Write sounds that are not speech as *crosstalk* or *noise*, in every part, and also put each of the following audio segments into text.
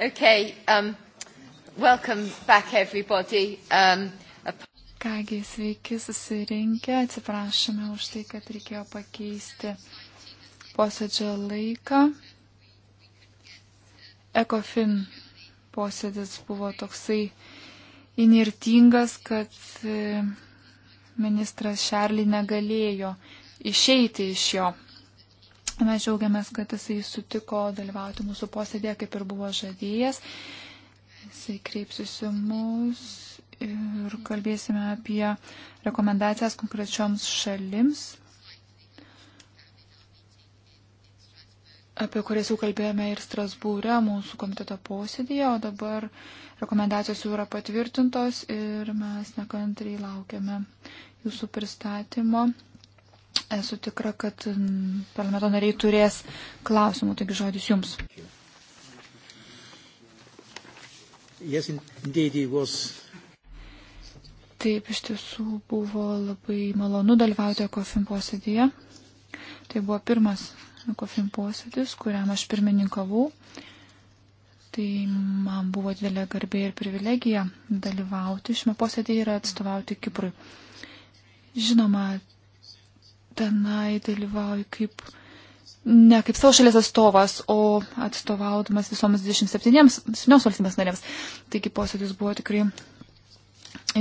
Okay, um, welcome back everybody. Um, Kągi, sveiki susirinkę, atsiprašome už tai, kad reikėjo pakeisti posėdžio laiką. Ekofin posėdis buvo toksai inirtingas, kad e, ministras Šarly negalėjo išeiti iš jo. Mes džiaugiamės, kad jisai sutiko dalyvauti mūsų posėdėje, kaip ir buvo žadėjęs. Jisai kreipsis į mus ir kalbėsime apie rekomendacijas konkrečioms šalims, apie kurias jau kalbėjome ir Strasbūre mūsų komiteto posėdėje, o dabar rekomendacijos jau yra patvirtintos ir mes nekantriai laukiame jūsų pristatymo. Esu tikra, kad parlamento nariai turės klausimų, taigi žodis jums. Yes, indeed, it was Taip, iš tiesų buvo labai malonu dalyvauti ECOFIN posėdėje. Tai buvo pirmas ECOFIN posėdis, kuriam aš pirmininkavau. Tai man buvo didelė garbė ir privilegija dalyvauti šiame posėdėje ir atstovauti Kiprui. Žinoma, tenai dalyvauju kaip, ne kaip savo šalies atstovas, o atstovaudamas visoms 27 valstybės narėms. Taigi posėdis buvo tikrai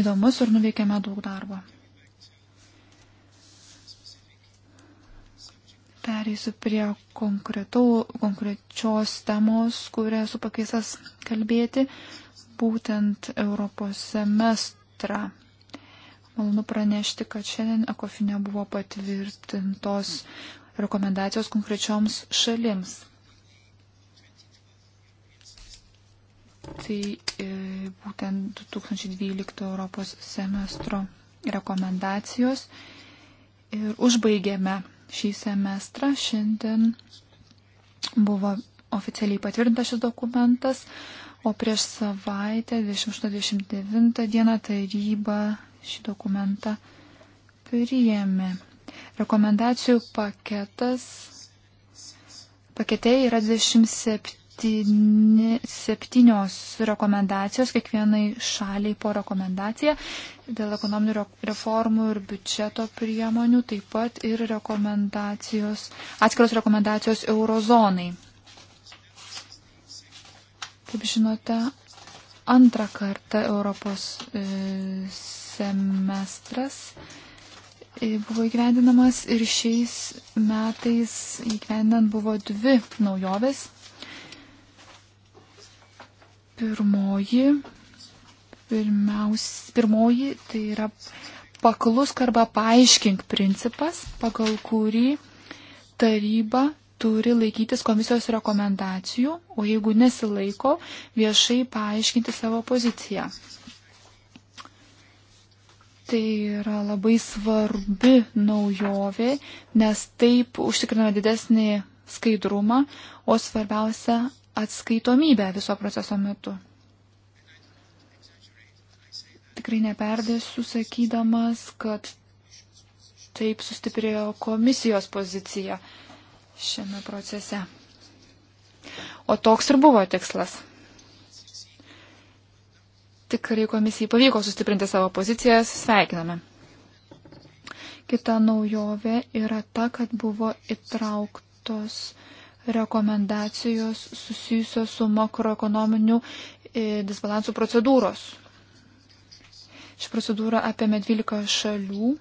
įdomus ir nuveikėme daug darbo. Pereisiu prie konkrečios temos, kurią esu pakeistas kalbėti, būtent Europos semestrą Malonu pranešti, kad šiandien Ekofinė buvo patvirtintos rekomendacijos konkrečioms šalims. Tai e, būtent 2012 Europos semestro rekomendacijos. Ir užbaigėme šį semestrą. Šiandien buvo oficialiai patvirtintas šis dokumentas, o prieš savaitę 28-29 dieną taryba šį dokumentą priėmė. Rekomendacijų paketas. Pakete yra 27 rekomendacijos, kiekvienai šaliai po rekomendaciją dėl ekonominių reformų ir biudžeto priemonių, taip pat ir rekomendacijos, atskiros rekomendacijos eurozonai. Kaip žinote, antrą kartą Europos e, semestras buvo įgyvendinamas ir šiais metais įgyvendinant buvo dvi naujovės. Pirmoji, pirmiaus, pirmoji tai yra paklusk arba paaiškink principas, pagal kurį taryba turi laikytis komisijos rekomendacijų, o jeigu nesilaiko, viešai paaiškinti savo poziciją. Tai yra labai svarbi naujovė, nes taip užtikriname didesnį skaidrumą, o svarbiausia atskaitomybę viso proceso metu. Tikrai neperdėsiu sakydamas, kad taip sustiprėjo komisijos pozicija šiame procese. O toks ir buvo tikslas tikrai komisijai pavyko sustiprinti savo pozicijas, sveikiname. Kita naujovė yra ta, kad buvo įtrauktos rekomendacijos susijusios su makroekonominiu e, disbalansų procedūros. Ši procedūra apėmė 12 šalių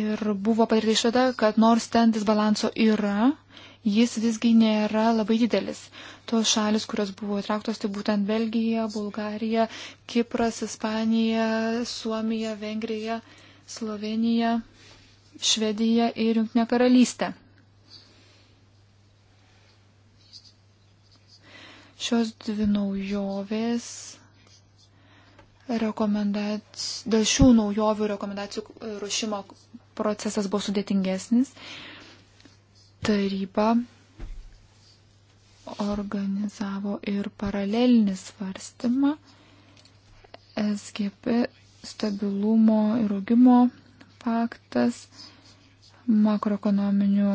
ir buvo padaryta išvada, kad nors ten disbalanso yra, jis visgi nėra labai didelis. Tos šalis, kurios buvo įtrauktos, tai būtent Belgija, Bulgarija, Kipras, Ispanija, Suomija, Vengrija, Slovenija, Švedija ir Junktinė karalystė. Šios dvi naujovės rekomendacijų, dėl šių naujovių rekomendacijų rušimo procesas buvo sudėtingesnis. Uh, taryba organizavo ir paralelinį svarstymą SGP stabilumo ir augimo paktas, makroekonominių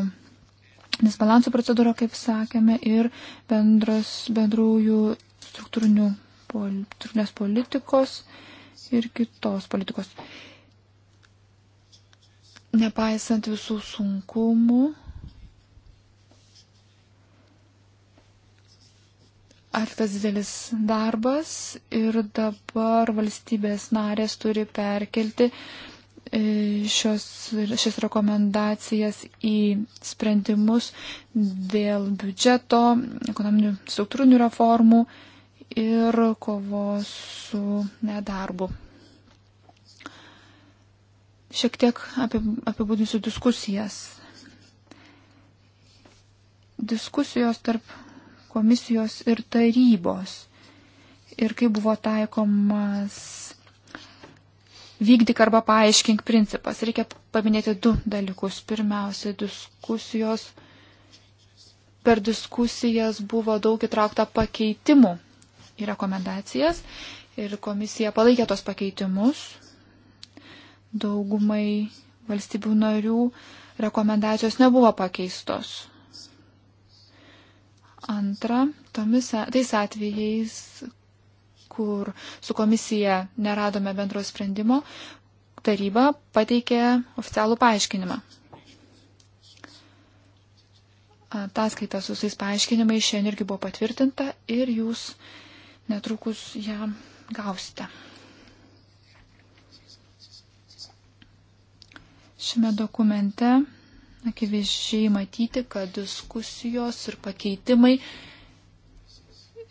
disbalansų procedūra, kaip sakėme, ir bendros, bendrųjų struktūrinių struktūrinės politikos ir kitos politikos. Nepaisant visų sunkumų, atliktas didelis darbas ir dabar valstybės narės turi perkelti e, šios, šias rekomendacijas į sprendimus dėl biudžeto, ekonominių struktūrinių reformų ir kovos su nedarbu. Šiek tiek apibūdinsiu diskusijas. Diskusijos tarp komisijos ir tarybos ir kaip buvo taikomas vykdyk arba paaiškink principas. Reikia paminėti du dalykus. Pirmiausia, diskusijos. Per diskusijas buvo daug įtraukta pakeitimų į rekomendacijas ir komisija palaikė tos pakeitimus. Daugumai valstybių narių rekomendacijos nebuvo pakeistos. Antra, tomis, tais atvejais, kur su komisija neradome bendro sprendimo, taryba pateikė oficialų paaiškinimą. Ataskaita su visais paaiškinimais šiandien irgi buvo patvirtinta ir jūs netrukus ją gausite. Šiame dokumente akivaizdžiai matyti, kad diskusijos ir pakeitimai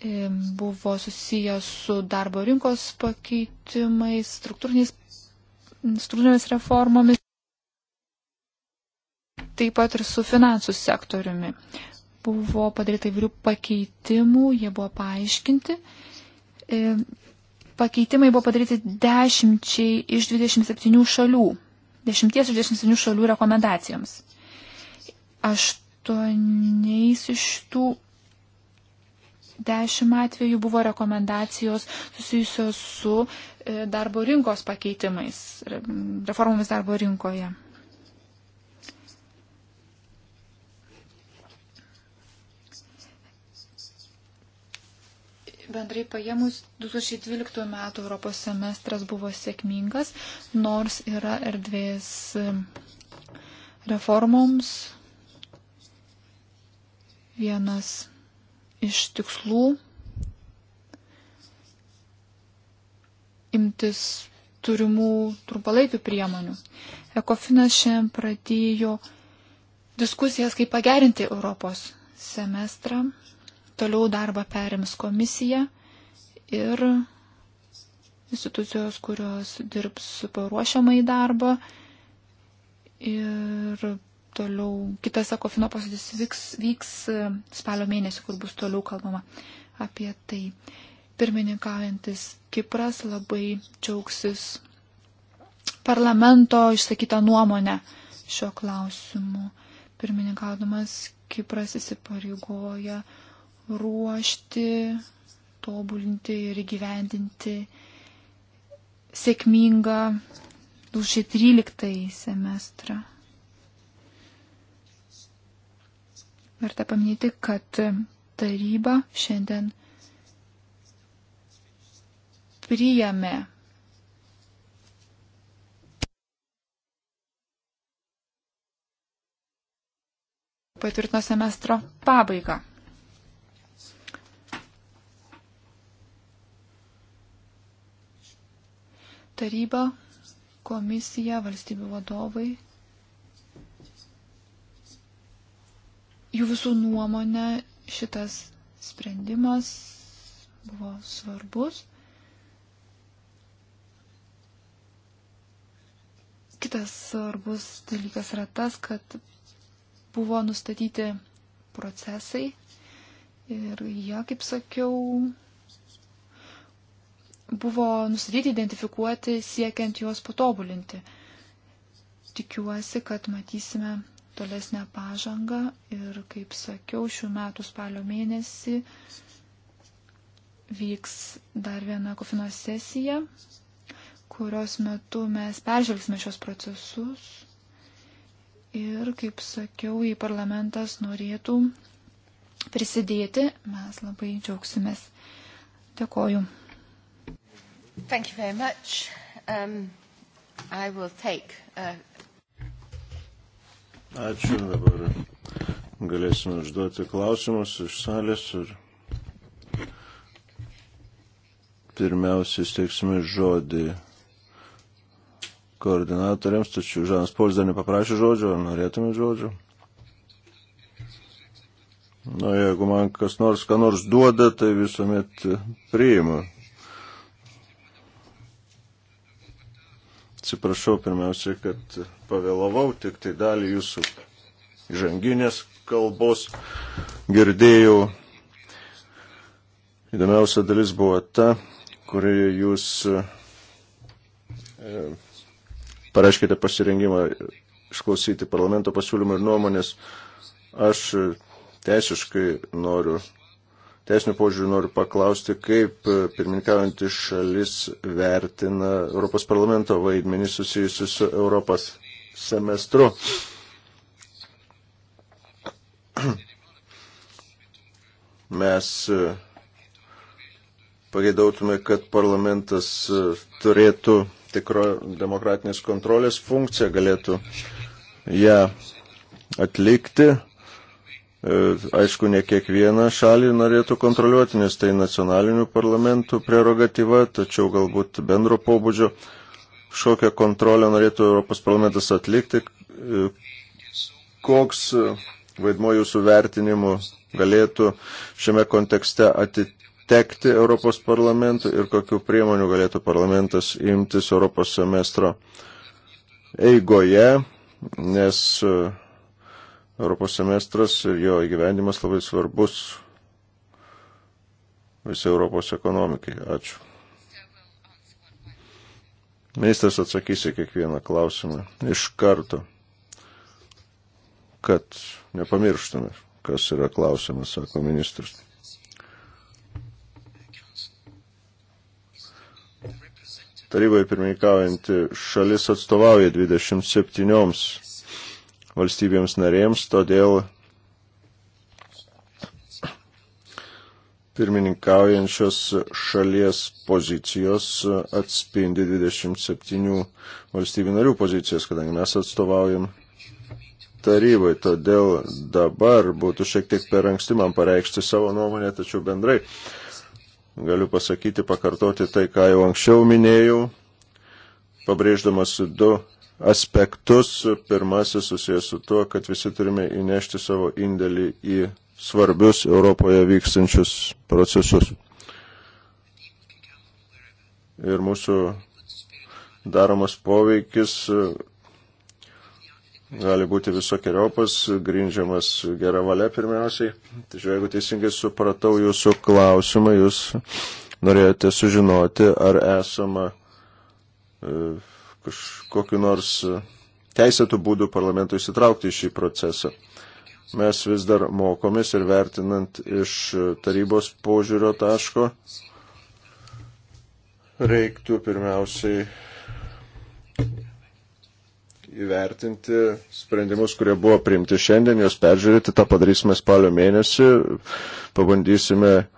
e, buvo susijęs su darbo rinkos pakeitimais, struktūrinėmis reformomis, taip pat ir su finansų sektoriumi. Buvo padaryta įvairių pakeitimų, jie buvo paaiškinti. E, pakeitimai buvo padaryti dešimčiai iš 27 šalių, dešimties iš 27 šalių rekomendacijoms aštuoniais iš tų dešimt atvejų buvo rekomendacijos susijusios su e, darbo rinkos pakeitimais, reformomis darbo rinkoje. Bendrai paėmus, 2012 metų Europos semestras buvo sėkmingas, nors yra erdvės e, reformoms, Vienas iš tikslų imtis turimų trumpalaikių priemonių. Ekofinas šiandien pradėjo diskusijas, kaip pagerinti Europos semestrą. Toliau darbą perims komisija ir institucijos, kurios dirbs paruošiamai darbą ir toliau, kitas ekofino posėdis vyks, vyks e, spalio mėnesį, kur bus toliau kalbama apie tai. Pirmininkaujantis Kipras labai džiaugsis parlamento išsakytą nuomonę šio klausimu. Pirmininkaudamas Kipras įsipareigoja ruošti, tobulinti ir gyvendinti sėkmingą 2013 semestrą. Verta paminėti, kad taryba šiandien priėmė patvirtino semestro pabaigą. Taryba, komisija, valstybių vadovai jų visų nuomonė šitas sprendimas buvo svarbus. Kitas svarbus dalykas yra tas, kad buvo nustatyti procesai ir jie, kaip sakiau, buvo nustatyti identifikuoti siekiant juos patobulinti. Tikiuosi, kad matysime tolesnę pažangą ir, kaip sakiau, šių metų spalio mėnesį vyks dar viena kofino sesija, kurios metu mes peržvelgsime šios procesus ir, kaip sakiau, jei parlamentas norėtų prisidėti, mes labai džiaugsimės. Dėkoju. Thank you very much. Um, I will take uh, a... Ačiū. Dabar galėsime užduoti klausimus iš salės ir pirmiausia steiksime žodį koordinatoriams, tačiau Žanas Polis dar nepaprašė žodžio, ar norėtume žodžio. Na, jeigu man kas nors, ką nors duoda, tai visuomet priimu. Atsiprašau pirmiausia, kad pavėlavau tik tai dalį jūsų žanginės kalbos. Girdėjau, įdomiausia dalis buvo ta, kurioje jūs e, pareiškite pasirengimą išklausyti parlamento pasiūlymą ir nuomonės. Aš teisiškai noriu Teisinių požiūrių noriu paklausti, kaip e, pirmininkaujantis šalis vertina Europos parlamento vaidmenį susijusiu su Europos semestru. *clears throat* Mes e, pageidautume, kad parlamentas e, turėtų tikro demokratinės kontrolės funkciją, galėtų ją atlikti. E, aišku, ne kiekvieną šalį norėtų kontroliuoti, nes tai nacionalinių parlamentų prerogatyva, tačiau galbūt bendro pobūdžio šokią kontrolę norėtų Europos parlamentas atlikti. E, koks vaidmo jūsų vertinimu galėtų šiame kontekste atitekti Europos parlamentui ir kokiu priemonių galėtų parlamentas imtis Europos semestro eigoje, nes uh, Europos semestras ir jo įgyvendimas labai svarbus visai Europos ekonomikai. Ačiū. Ministras atsakys į kiekvieną klausimą iš karto, kad nepamirštume, kas yra klausimas, sako ministras. Taryboje pirmininkaujanti šalis atstovauja 27 valstybėms narėms, todėl pirmininkaujančios šalies pozicijos atspindi 27 valstybių narių pozicijas, kadangi mes atstovaujam tarybai, todėl dabar būtų šiek tiek per anksti man pareikšti savo nuomonę, tačiau bendrai galiu pasakyti, pakartoti tai, ką jau anksčiau minėjau, pabrėždamas du aspektus. Pirmasis susijęs su tuo, kad visi turime įnešti savo indėlį į svarbius Europoje vykstančius procesus. Ir mūsų daromas poveikis gali būti visokiojopas, grindžiamas gera valia pirmiausiai. Tačiau jeigu teisingai supratau jūsų klausimą, jūs norėjote sužinoti, ar esama e, kažkokiu nors e, teisėtų būdų parlamentui įsitraukti į šį procesą. Mes vis dar mokomės ir vertinant iš e, tarybos požiūrio taško, reiktų pirmiausiai įvertinti sprendimus, kurie buvo priimti šiandien, juos peržiūrėti, tą padarysime spalio mėnesį, pabandysime uh,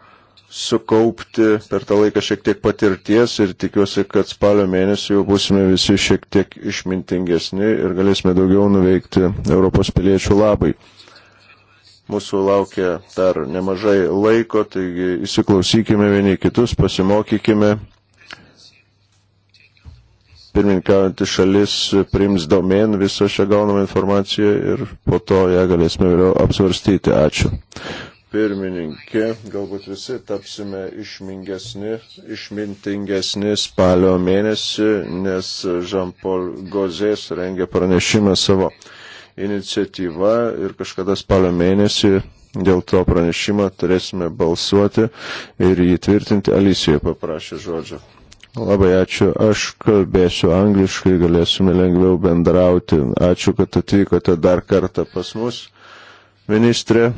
sukaupti per tą laiką šiek tiek patirties ir tikiuosi, kad spalio mėnesį jau būsime visi šiek tiek išmintingesni ir galėsime daugiau nuveikti Europos piliečių labai. Mūsų laukia dar nemažai laiko, taigi įsiklausykime vieni kitus, pasimokykime. Pirmininkaujantį šalis priims domen visą šią gaunamą informaciją ir po to ją galėsime vėliau apsvarstyti. Ačiū pirmininkė, galbūt visi tapsime išmingesni, išmintingesni spalio mėnesį, nes Žampol Gozės rengia pranešimą savo iniciatyvą ir kažkada spalio mėnesį dėl to pranešimą turėsime balsuoti ir jį tvirtinti. Alisijoje paprašė žodžio. Labai ačiū, aš kalbėsiu angliškai, galėsime lengviau bendrauti. Ačiū, kad atvykote dar kartą pas mus, ministrė.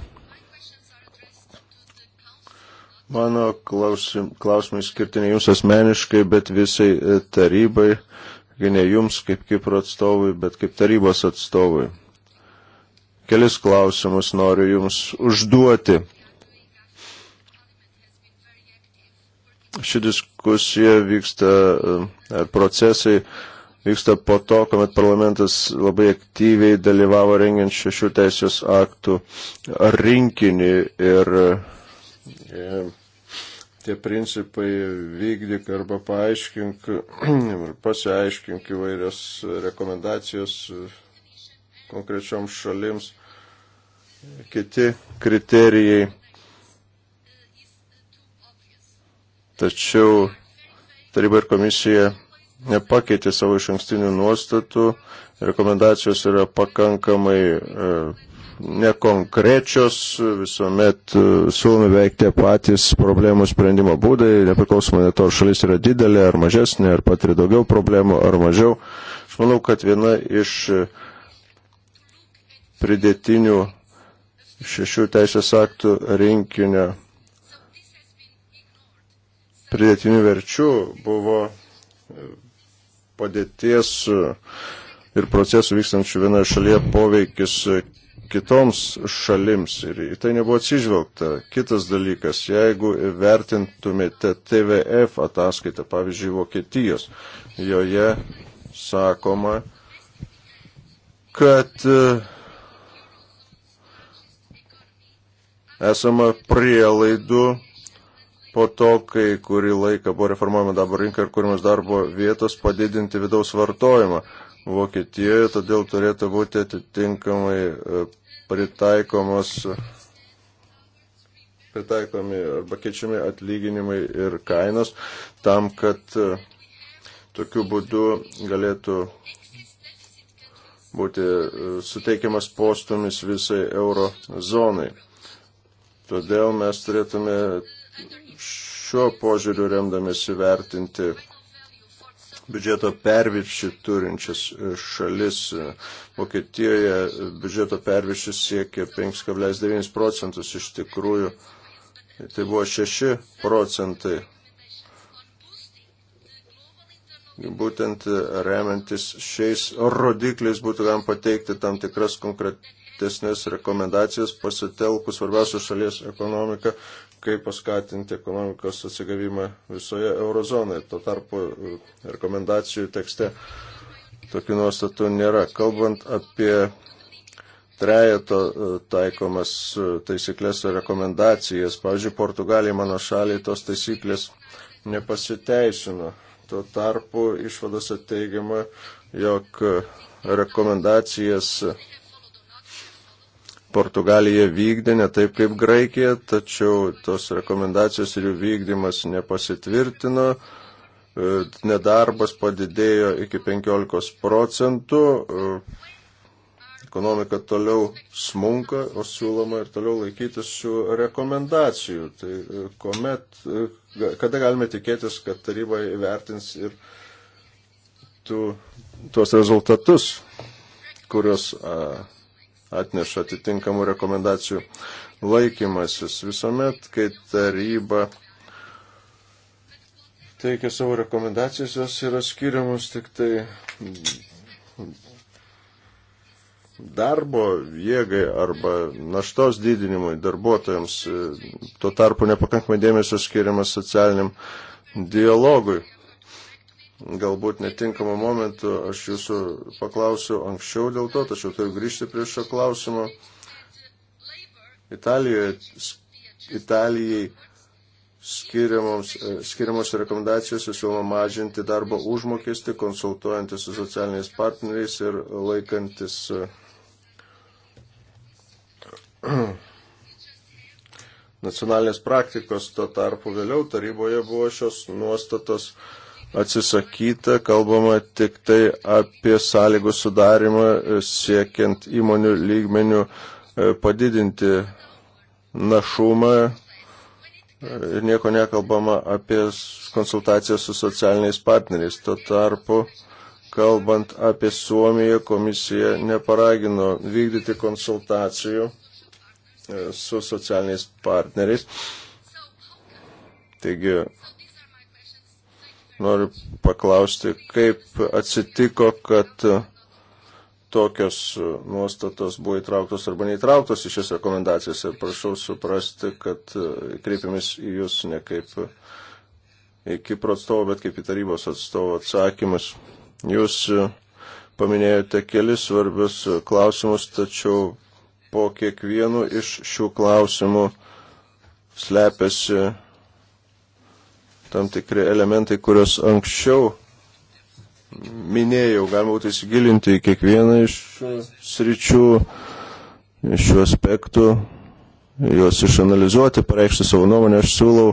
Mano klausim, klausimai skirtiniai jums asmeniškai, bet visai e, tarybai, ne jums kaip Kipro atstovui, bet kaip tarybos atstovui. Kelis klausimus noriu jums užduoti. Ši diskusija vyksta, e, ar procesai vyksta po to, kuomet parlamentas labai aktyviai dalyvavo rengiant šešių teisės aktų rinkinį ir e, tie principai vykdyk arba paaiškink ir *clears throat* pasiaiškink įvairias rekomendacijas konkrečioms šalims, kiti kriterijai. Tačiau taryba ir komisija nepakeitė savo iš ankstinių nuostatų, rekomendacijos yra pakankamai e, nekonkrečios, visuomet e, siūlomi veikti patys problemų sprendimo būdai, nepriklausomai nuo to, ar šalis yra didelė ar mažesnė, ar patiria daugiau problemų ar mažiau. Aš manau, kad viena iš e, pridėtinių šešių teisės aktų rinkinio pridėtinių verčių buvo e, padėties ir procesų vykstančių vienoje šalyje poveikis kitoms šalims ir į tai nebuvo atsižvelgta. Kitas dalykas, jeigu vertintumėte TVF ataskaitą, pavyzdžiui, Vokietijos, joje sakoma, kad e, esama prielaidų po to, kai kurį laiką buvo reformuojama darbo rinka ir kūrimas darbo vietos, padidinti vidaus vartojimą. Vokietijoje, todėl turėtų būti atitinkamai e, pritaikomos, pritaikomi arba keičiami atlyginimai ir kainos tam, kad e, tokiu būdu galėtų būti e, suteikiamas postumis visai euro zonai. Todėl mes turėtume šiuo požiūriu remdamėsi vertinti biudžeto perviršį turinčias e, šalis. E, Vokietijoje e, biudžeto perviršis siekia 5,9 procentus, iš tikrųjų tai buvo 6 procentai. Būtent remiantis šiais rodikliais būtų galima pateikti tam tikras konkretesnės rekomendacijas pasitelkus svarbiausių šalies ekonomiką kaip paskatinti ekonomikos atsigavimą visoje eurozonoje. Tuo tarpu e, rekomendacijų tekste tokių nuostatų nėra. Kalbant apie trejeto e, taikomas e, taisyklės ir rekomendacijas, pavyzdžiui, Portugalijai mano šaliai tos taisyklės nepasiteisino. Tuo tarpu išvadose teigiama, jog rekomendacijas Portugalija vykdė ne taip kaip Graikija, tačiau tos rekomendacijos ir jų vykdymas nepasitvirtino. E, nedarbas padidėjo iki 15 procentų, e, ekonomika toliau smunka, o siūloma ir toliau laikytis šių rekomendacijų. Tai e, kuomet, kada galime tikėtis, kad taryba įvertins ir tų, tuos rezultatus, kurios a, atneša atitinkamų rekomendacijų laikymasis. Visuomet, kai taryba teikia savo rekomendacijas, jos yra skiriamos tik tai darbo jėgai arba naštos didinimui darbuotojams. Tuo tarpu nepakankamai dėmesio skiriamas socialiniam dialogui galbūt netinkamą momentą aš jūsų paklausiu anksčiau dėl to, tačiau turiu grįžti prie šio klausimo. Italijoje, Italijai skiriamos, e, skiriamos rekomendacijos siūloma mažinti darbo užmokestį, konsultuojantis su socialiniais partneriais ir laikantis e, *clears throat* nacionalinės praktikos. Tuo tarpu vėliau taryboje buvo šios nuostatos uh, atsisakyta, kalbama tik tai apie sąlygų sudarimą e, siekiant įmonių lygmenių e, padidinti našumą e, ir nieko nekalbama apie konsultaciją su socialiniais partneriais. Tuo tarpu, kalbant apie Suomiją, komisija neparagino vykdyti konsultacijų su socialiniais partneriais. Taigi, noriu paklausti, kaip atsitiko, kad tokios nuostatos buvo įtrauktos arba neįtrauktos į šias rekomendacijas ir prašau suprasti, kad kreipiamės į Jūs ne kaip į Kipro atstovą, bet kaip į tarybos atstovo atsakymus. Jūs paminėjote kelis svarbius klausimus, tačiau po kiekvienu iš šių klausimų slepiasi tam tikri elementai, kuriuos anksčiau minėjau, galima būtų įsigilinti į kiekvieną iš sričių, iš šių aspektų, juos išanalizuoti, pareikšti savo nuomonę, aš siūlau.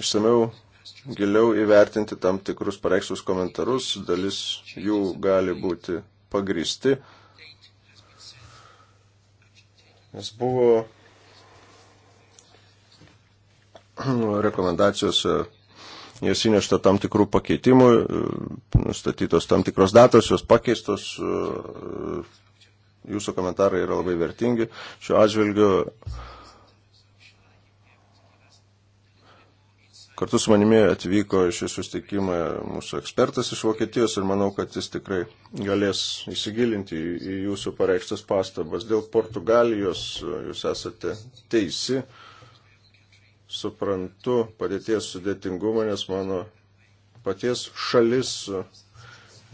Išsameu giliau įvertinti tam tikrus pareikštus komentarus, dalis jų gali būti pagristi, Nes buvo *clears throat* rekomendacijos e, jas įnešta tam tikrų pakeitimų, e, nustatytos tam tikros datos, jos pakeistos, e, jūsų komentarai yra labai vertingi. Šiuo atžvilgiu Kartu su manimi atvyko iš šį sustikimą mūsų ekspertas iš Vokietijos ir manau, kad jis tikrai galės įsigilinti į, į jūsų pareikštas pastabas. Dėl Portugalijos e, jūs esate teisi. Suprantu padėties sudėtingumą, nes mano paties šalis e,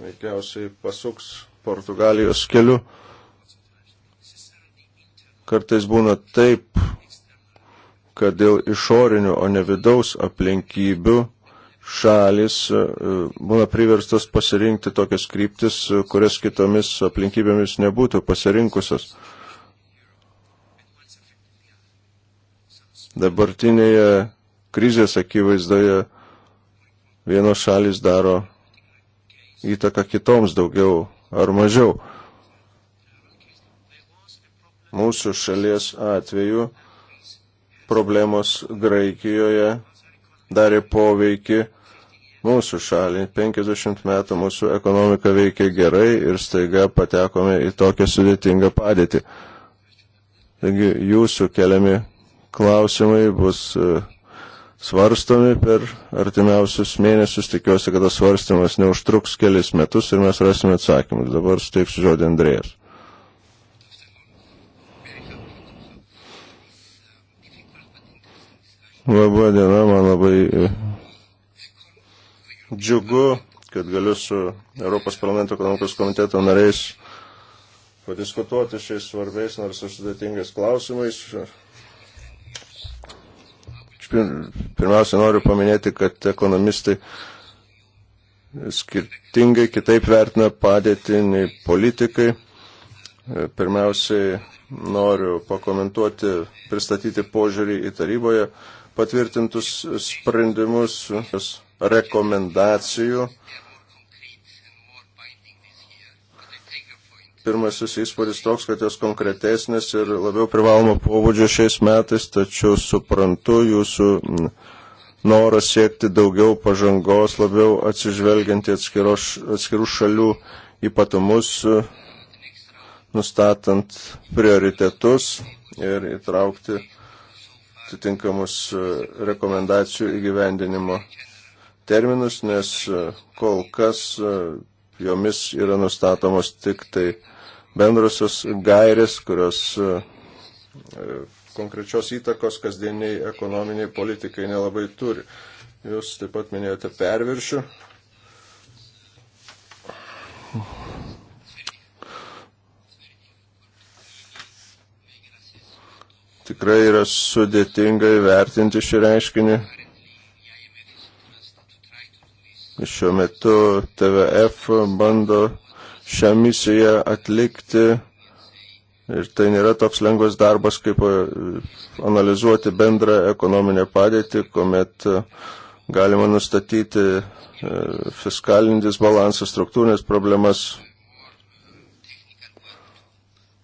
veikiausiai pasuks Portugalijos keliu. Kartais būna taip, kad dėl išorinių, o ne vidaus aplinkybių šalis e, būna priverstos pasirinkti tokias kryptis, e, kurias kitomis aplinkybėmis nebūtų pasirinkusios. Dabartinėje krizės akivaizdoje vienos šalis daro įtaką kitoms daugiau ar mažiau. Mūsų šalies atveju problemos Graikijoje darė poveikį mūsų šaliai. 50 metų mūsų ekonomika veikė gerai ir staiga patekome į tokią sudėtingą padėtį. Taigi jūsų keliami klausimai bus e, svarstomi per artimiausius mėnesius. Tikiuosi, kad tas svarstymas neužtruks kelis metus ir mes rasime atsakymus. Dabar suteiksiu žodį Andrėjas. Labą dieną, man labai e, džiugu, kad galiu su Europos parlamento ekonomikos komiteto nariais padiskutuoti šiais svarbiais, nors ir sudėtingais klausimais. Pirmiausia, noriu paminėti, kad ekonomistai skirtingai kitaip vertina padėtį nei politikai. E, pirmiausiai noriu pakomentuoti, pristatyti požiūrį į taryboje patvirtintus sprendimus, rekomendacijų. Pirmasis įspūdis toks, kad jos konkretesnės ir labiau privalomo pobūdžio šiais metais, tačiau suprantu jūsų mm, norą siekti daugiau pažangos, labiau atsižvelgiant į atskirų šalių ypatumus, nustatant prioritetus ir įtraukti atitinkamus e, rekomendacijų įgyvendinimo terminus, nes e, kol kas e, jomis yra nustatomos tik tai bendrosios gairės, kurios konkrečios įtakos kasdieniai ekonominiai politikai nelabai turi. Jūs taip pat minėjote perviršių. Tikrai yra sudėtinga įvertinti šį reiškinį. Šiuo metu TVF bando šią misiją atlikti ir tai nėra toks lengvas darbas, kaip e, analizuoti bendrą ekonominę padėtį, kuomet e, galima nustatyti e, fiskalinį disbalansą, struktūrinės problemas.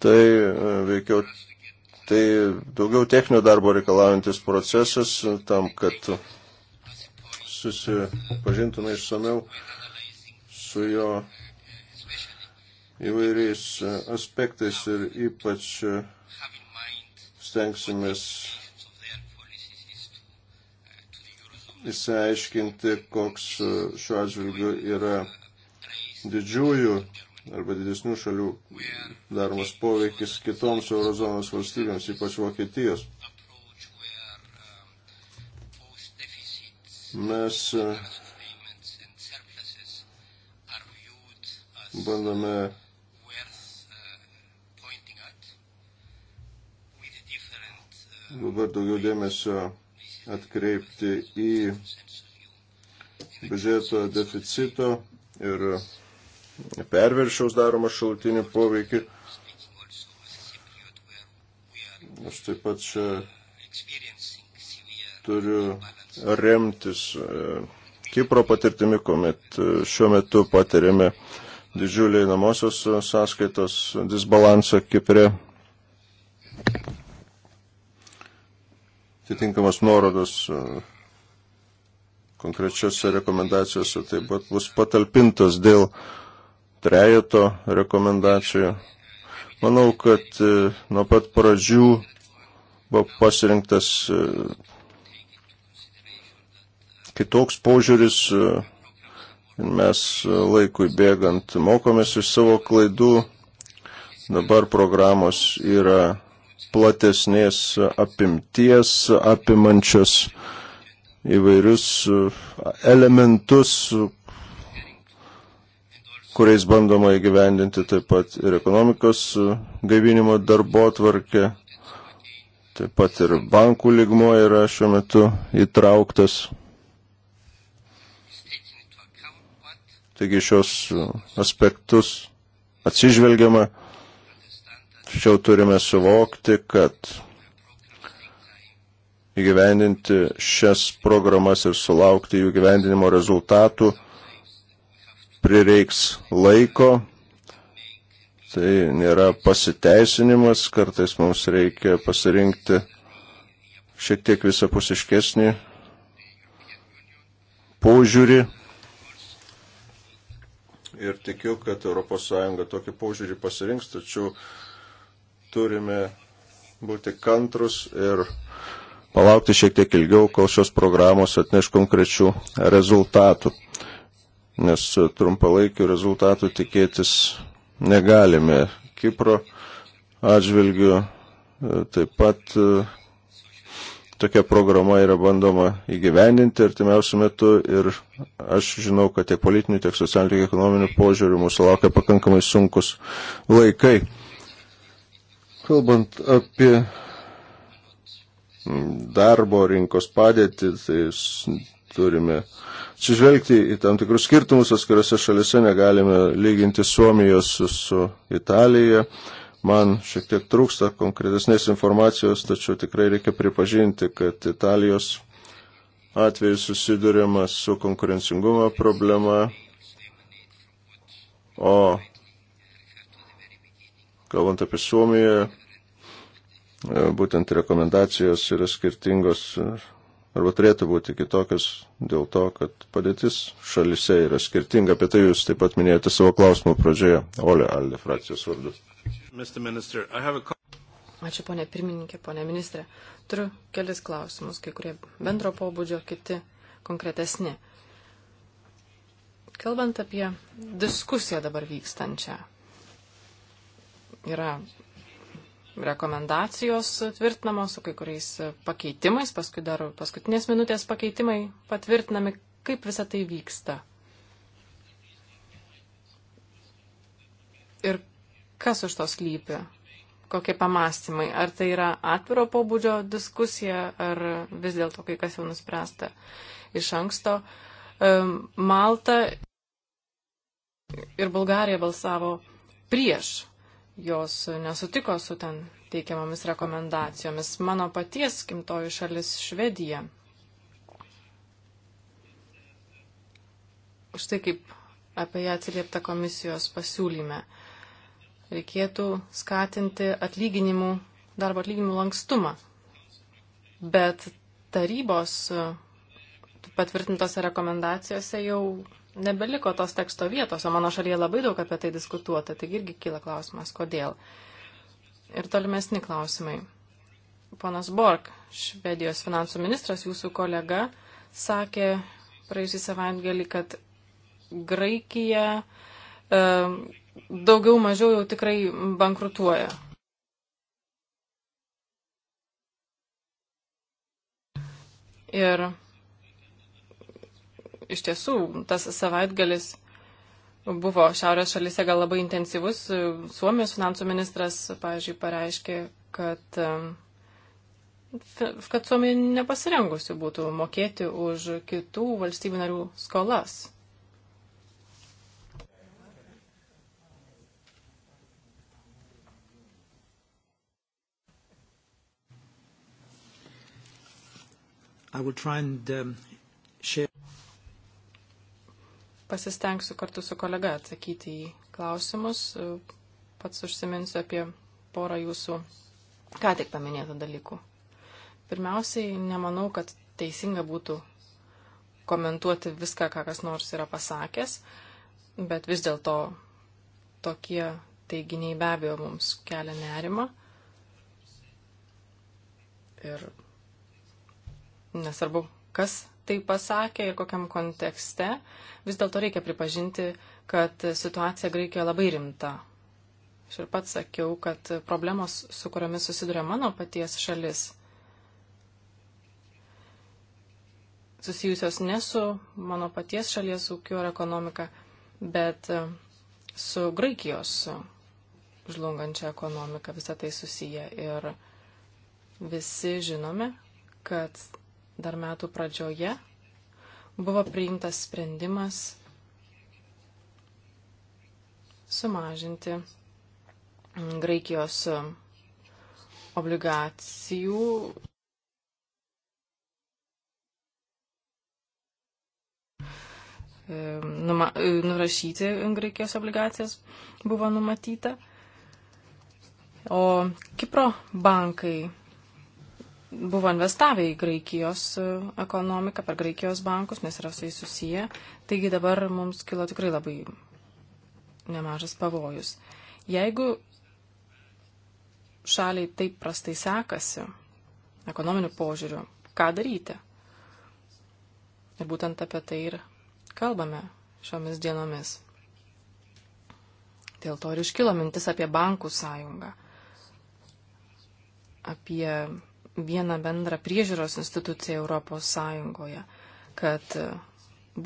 Tai veikiau Tai daugiau techninio darbo reikalaujantis procesas tam, kad susipažintume išsameu su jo įvairiais aspektais ir ypač stengsimės įsiaiškinti, koks šiuo atžvilgiu yra didžiųjų arba didesnių šalių daromas poveikis kitoms eurozonos valstybėms, ypač Vokietijos. Um, Mes uh, bandome uh, uh, dabar daugiau dėmesio atkreipti į biudžeto deficito ir perviršiaus daromą šaltinį poveikį. Aš taip pat čia turiu remtis e, Kipro patirtimi, kuomet e, šiuo metu patiriame didžiulį einamosios e, sąskaitos disbalansą Kipre. Atitinkamas nuorodas konkrečiose rekomendacijose taip pat bus patalpintas dėl uh, trejeto rekomendacijų. Manau, kad e, nuo pat pradžių buvo pasirinktas e, kitoks požiūris. E, mes laikui bėgant mokomės iš savo klaidų. Dabar programos yra platesnės apimties, apimančios įvairius elementus, kuriais bandoma įgyvendinti taip pat ir ekonomikos e, gaivinimo darbo tvarkė, taip pat ir bankų ligmo yra šiuo metu įtrauktas. Taigi šios e, aspektus atsižvelgiama, tačiau turime suvokti, kad įgyvendinti šias programas ir sulaukti jų gyvendinimo rezultatų prireiks laiko, tai nėra pasiteisinimas, kartais mums reikia pasirinkti šiek tiek visapusiškesnį požiūrį. Ir tikiu, kad ES tokį požiūrį pasirinks, tačiau turime būti kantrus ir palaukti šiek tiek ilgiau, kol šios programos atneš konkrečių rezultatų nes trumpalaikių rezultatų tikėtis negalime. Kipro atžvilgių e, taip pat e, tokia programa yra bandoma įgyvendinti artimiausių metų ir aš žinau, kad tiek politinių, tiek socialinių, tiek ekonominių požiūrių mūsų laukia pakankamai sunkus laikai. Kalbant apie darbo rinkos padėtį, tai turime atsižvelgti į tam tikrus skirtumus, atskirose šalise negalime lyginti Suomijos su Italija. Man šiek tiek trūksta konkretesnės informacijos, tačiau tikrai reikia pripažinti, kad Italijos atveju susidurima su konkurencingumo problema, o kalbant apie Suomiją, būtent rekomendacijos yra skirtingos arba turėtų būti kitokios dėl to, kad padėtis šalise yra skirtinga. Apie tai jūs taip pat minėjote savo klausimų pradžioje. Olė Alde, frakcijos vardu. Ačiū, ponė pirmininkė, ponė ministrė. Turiu kelis klausimus, kai kurie bendro pobūdžio, kiti konkretesni. Kalbant apie diskusiją dabar vykstančią, yra rekomendacijos tvirtinamos, su kai kuriais pakeitimais, paskui dar paskutinės minutės pakeitimai patvirtinami, kaip visa tai vyksta. Ir kas už to slypi? Kokie pamastymai? Ar tai yra atviro pobūdžio diskusija, ar vis dėlto kai kas jau nuspręsta iš anksto? Malta ir Bulgarija balsavo prieš jos nesutiko su ten teikiamomis rekomendacijomis. Mano paties gimtoji šalis Švedija. Štai kaip apie ją atsiliepta komisijos pasiūlyme. Reikėtų skatinti atlyginimų, darbo atlyginimų lankstumą. Bet tarybos patvirtintose rekomendacijose jau nebeliko tos teksto vietos, o mano šalyje labai daug apie tai diskutuota, taigi irgi kyla klausimas, kodėl. Ir tolimesni klausimai. Ponas Bork, Švedijos finansų ministras, jūsų kolega, sakė praėjusį savaitgalį, kad Graikija e, daugiau mažiau jau tikrai bankrutuoja. Ir iš tiesų tas savaitgalis buvo šiaurės šalyse gal labai intensyvus. Suomijos finansų ministras, pavyzdžiui, pareiškė, kad, kad Suomija nepasirengusi būtų mokėti už kitų valstybių narių skolas. I will try and um, share pasistengsiu kartu su kolega atsakyti į klausimus. Pats užsiminsiu apie porą jūsų ką tik paminėtų dalykų. Pirmiausiai, nemanau, kad teisinga būtų komentuoti viską, ką kas nors yra pasakęs, bet vis dėlto tokie teiginiai be abejo mums kelia nerimą. Ir nesvarbu, kas tai pasakė ir kokiam kontekste, vis dėlto reikia pripažinti, kad situacija Graikijoje labai rimta. Aš ir pats sakiau, kad problemos, su kuriomis susiduria mano paties šalis, susijusios ne su mano paties šalies ūkiu ar ekonomika, bet su Graikijos žlungančia ekonomika visą tai susiję. Ir visi žinome, kad dar metų pradžioje buvo priimtas sprendimas sumažinti Graikijos obligacijų numa, nurašyti Graikijos obligacijas buvo numatyta. O Kipro bankai buvo investavę į Graikijos e, ekonomiką per Graikijos bankus, nes yra su jais susiję. Taigi dabar mums kilo tikrai labai nemažas pavojus. Jeigu šaliai taip prastai sekasi ekonominiu požiūriu, ką daryti? Ir būtent apie tai ir kalbame šiomis dienomis. Dėl to ir iškilo mintis apie bankų sąjungą, apie vieną bendrą priežiūros instituciją Europos Sąjungoje, kad e,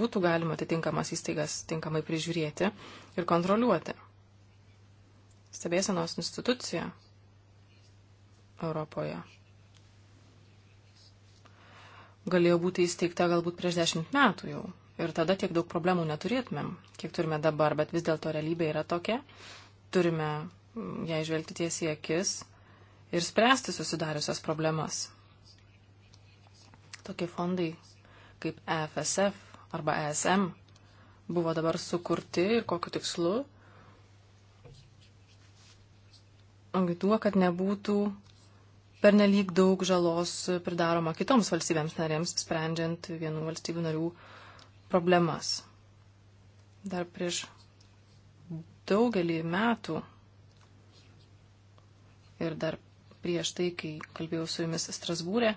būtų galima atitinkamas įstaigas tinkamai prižiūrėti ir kontroliuoti. Stebėsenos institucija Europoje galėjo būti įsteigta galbūt prieš dešimt metų jau. Ir tada tiek daug problemų neturėtumėm, kiek turime dabar, bet vis dėlto realybė yra tokia. Turime ją žvelgti tiesiai akis ir spręsti susidariusias problemas. Tokie fondai kaip EFSF arba ESM buvo dabar sukurti ir kokiu tikslu? Ogi tuo, kad nebūtų pernelyg daug žalos pridaroma kitoms valstybėms narėms, sprendžiant vienų valstybių narių problemas. Dar prieš daugelį metų ir dar prieš tai, kai kalbėjau su jumis Strasbūrė,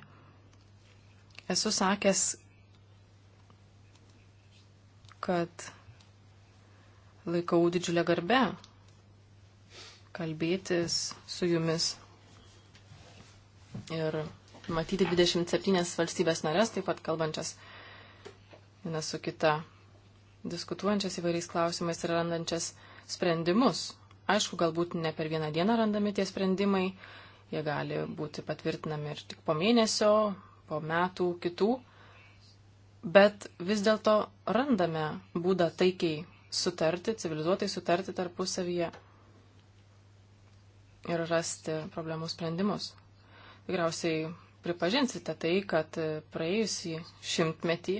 esu sakęs, kad laikau didžiulę garbę kalbėtis su jumis ir matyti 27 valstybės narės, taip pat kalbančias viena su kita, diskutuojančias įvairiais klausimais ir randančias sprendimus. Aišku, galbūt ne per vieną dieną randami tie sprendimai, Jie gali būti patvirtinami ir tik po mėnesio, po metų, kitų. Bet vis dėlto randame būdą taikiai sutarti, civilizuotai sutarti tarpusavyje ir rasti problemų sprendimus. Tikriausiai pripažinsite tai, kad praėjusį šimtmetį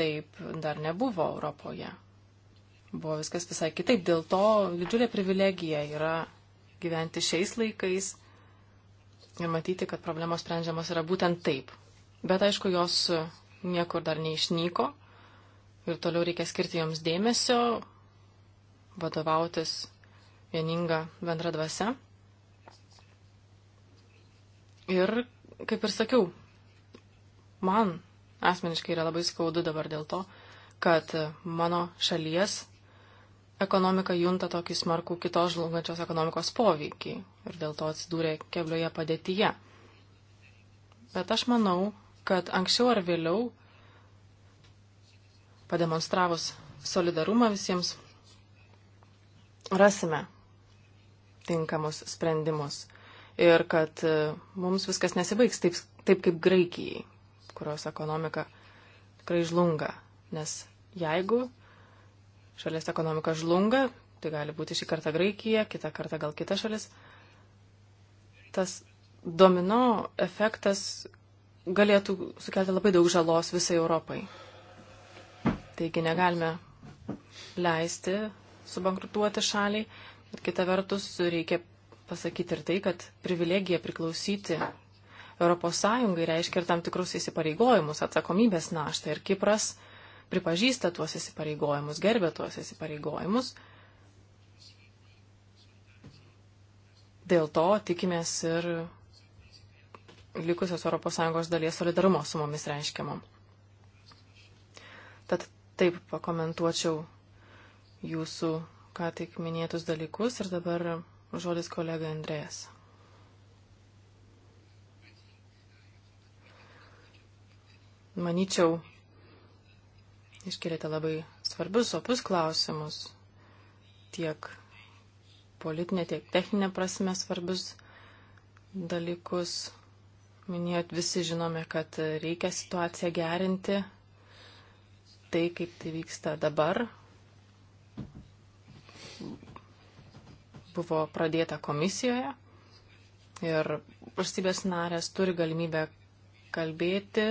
taip dar nebuvo Europoje. Buvo viskas visai kitaip. Dėl to didžiulė privilegija yra gyventi šiais laikais ir matyti, kad problemos sprendžiamas yra būtent taip. Bet aišku, jos niekur dar neišnyko ir toliau reikia skirti joms dėmesio, vadovautis vieninga bendra dvasia. Ir, kaip ir sakiau, man asmeniškai yra labai skaudu dabar dėl to, kad mano šalies ekonomika junta tokį smarkų kitos žlugančios ekonomikos poveikį ir dėl to atsidūrė keblioje padėtyje. Bet aš manau, kad anksčiau ar vėliau, pademonstravus solidarumą visiems, rasime tinkamus sprendimus ir kad e, mums viskas nesibaigs taip, taip kaip Graikijai, kurios ekonomika tikrai žlunga, nes jeigu šalies ekonomika žlunga, tai gali būti šį kartą Graikija, kitą kartą gal kita šalis. Tas domino efektas galėtų sukelti labai daug žalos visai Europai. Taigi negalime leisti subankrutuoti šaliai. Ir kita vertus, reikia pasakyti ir tai, kad privilegija priklausyti ES reiškia ir tam tikrus įsipareigojimus, atsakomybės naštą. Ir Kipras pripažįsta tuos įsipareigojimus, gerbė tuos įsipareigojimus. Dėl to tikimės ir likusios ES dalies solidarumo su mumis reiškiamo. Tad taip pakomentuočiau jūsų ką tik minėtus dalykus ir dabar žodis kolega Andrėjas. Manyčiau, iškelėte labai svarbius, opus klausimus, tiek politinė, tiek techninė prasme svarbius dalykus. Minėjot, visi žinome, kad reikia situaciją gerinti. Tai, kaip tai vyksta dabar, buvo pradėta komisijoje ir valstybės narės turi galimybę kalbėti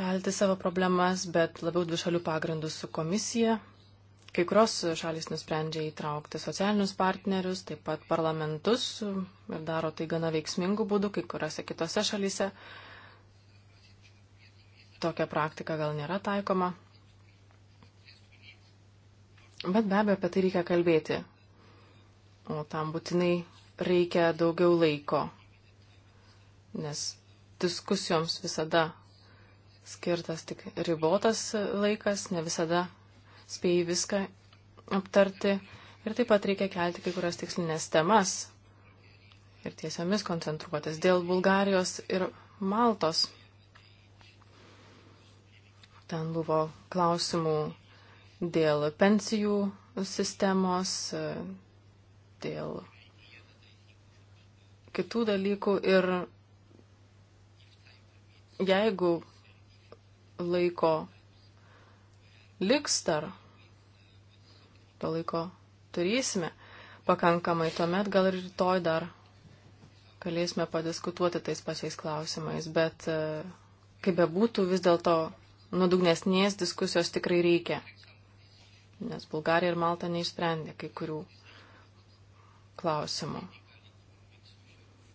kelti savo problemas, bet labiau dvišalių pagrindų su komisija. Kai kurios šalis nusprendžia įtraukti socialinius partnerius, taip pat parlamentus ir daro tai gana veiksmingų būdų, kai kuriuose kitose šalise tokia praktika gal nėra taikoma. Bet be abejo, apie tai reikia kalbėti. O tam būtinai reikia daugiau laiko, nes diskusijoms visada skirtas tik ribotas laikas, ne visada spėjai viską aptarti ir taip pat reikia kelti kai kurias tikslinės temas ir tiesiomis koncentruotis dėl Bulgarijos ir Maltos. Ten buvo klausimų dėl pensijų sistemos, dėl kitų dalykų ir jeigu laiko liks dar, to laiko turėsime pakankamai, tuomet gal ir rytoj dar galėsime padiskutuoti tais pačiais klausimais, bet e, kaip bebūtų, vis dėlto nuodugnesnės diskusijos tikrai reikia, nes Bulgarija ir Malta neišsprendė kai kurių klausimų.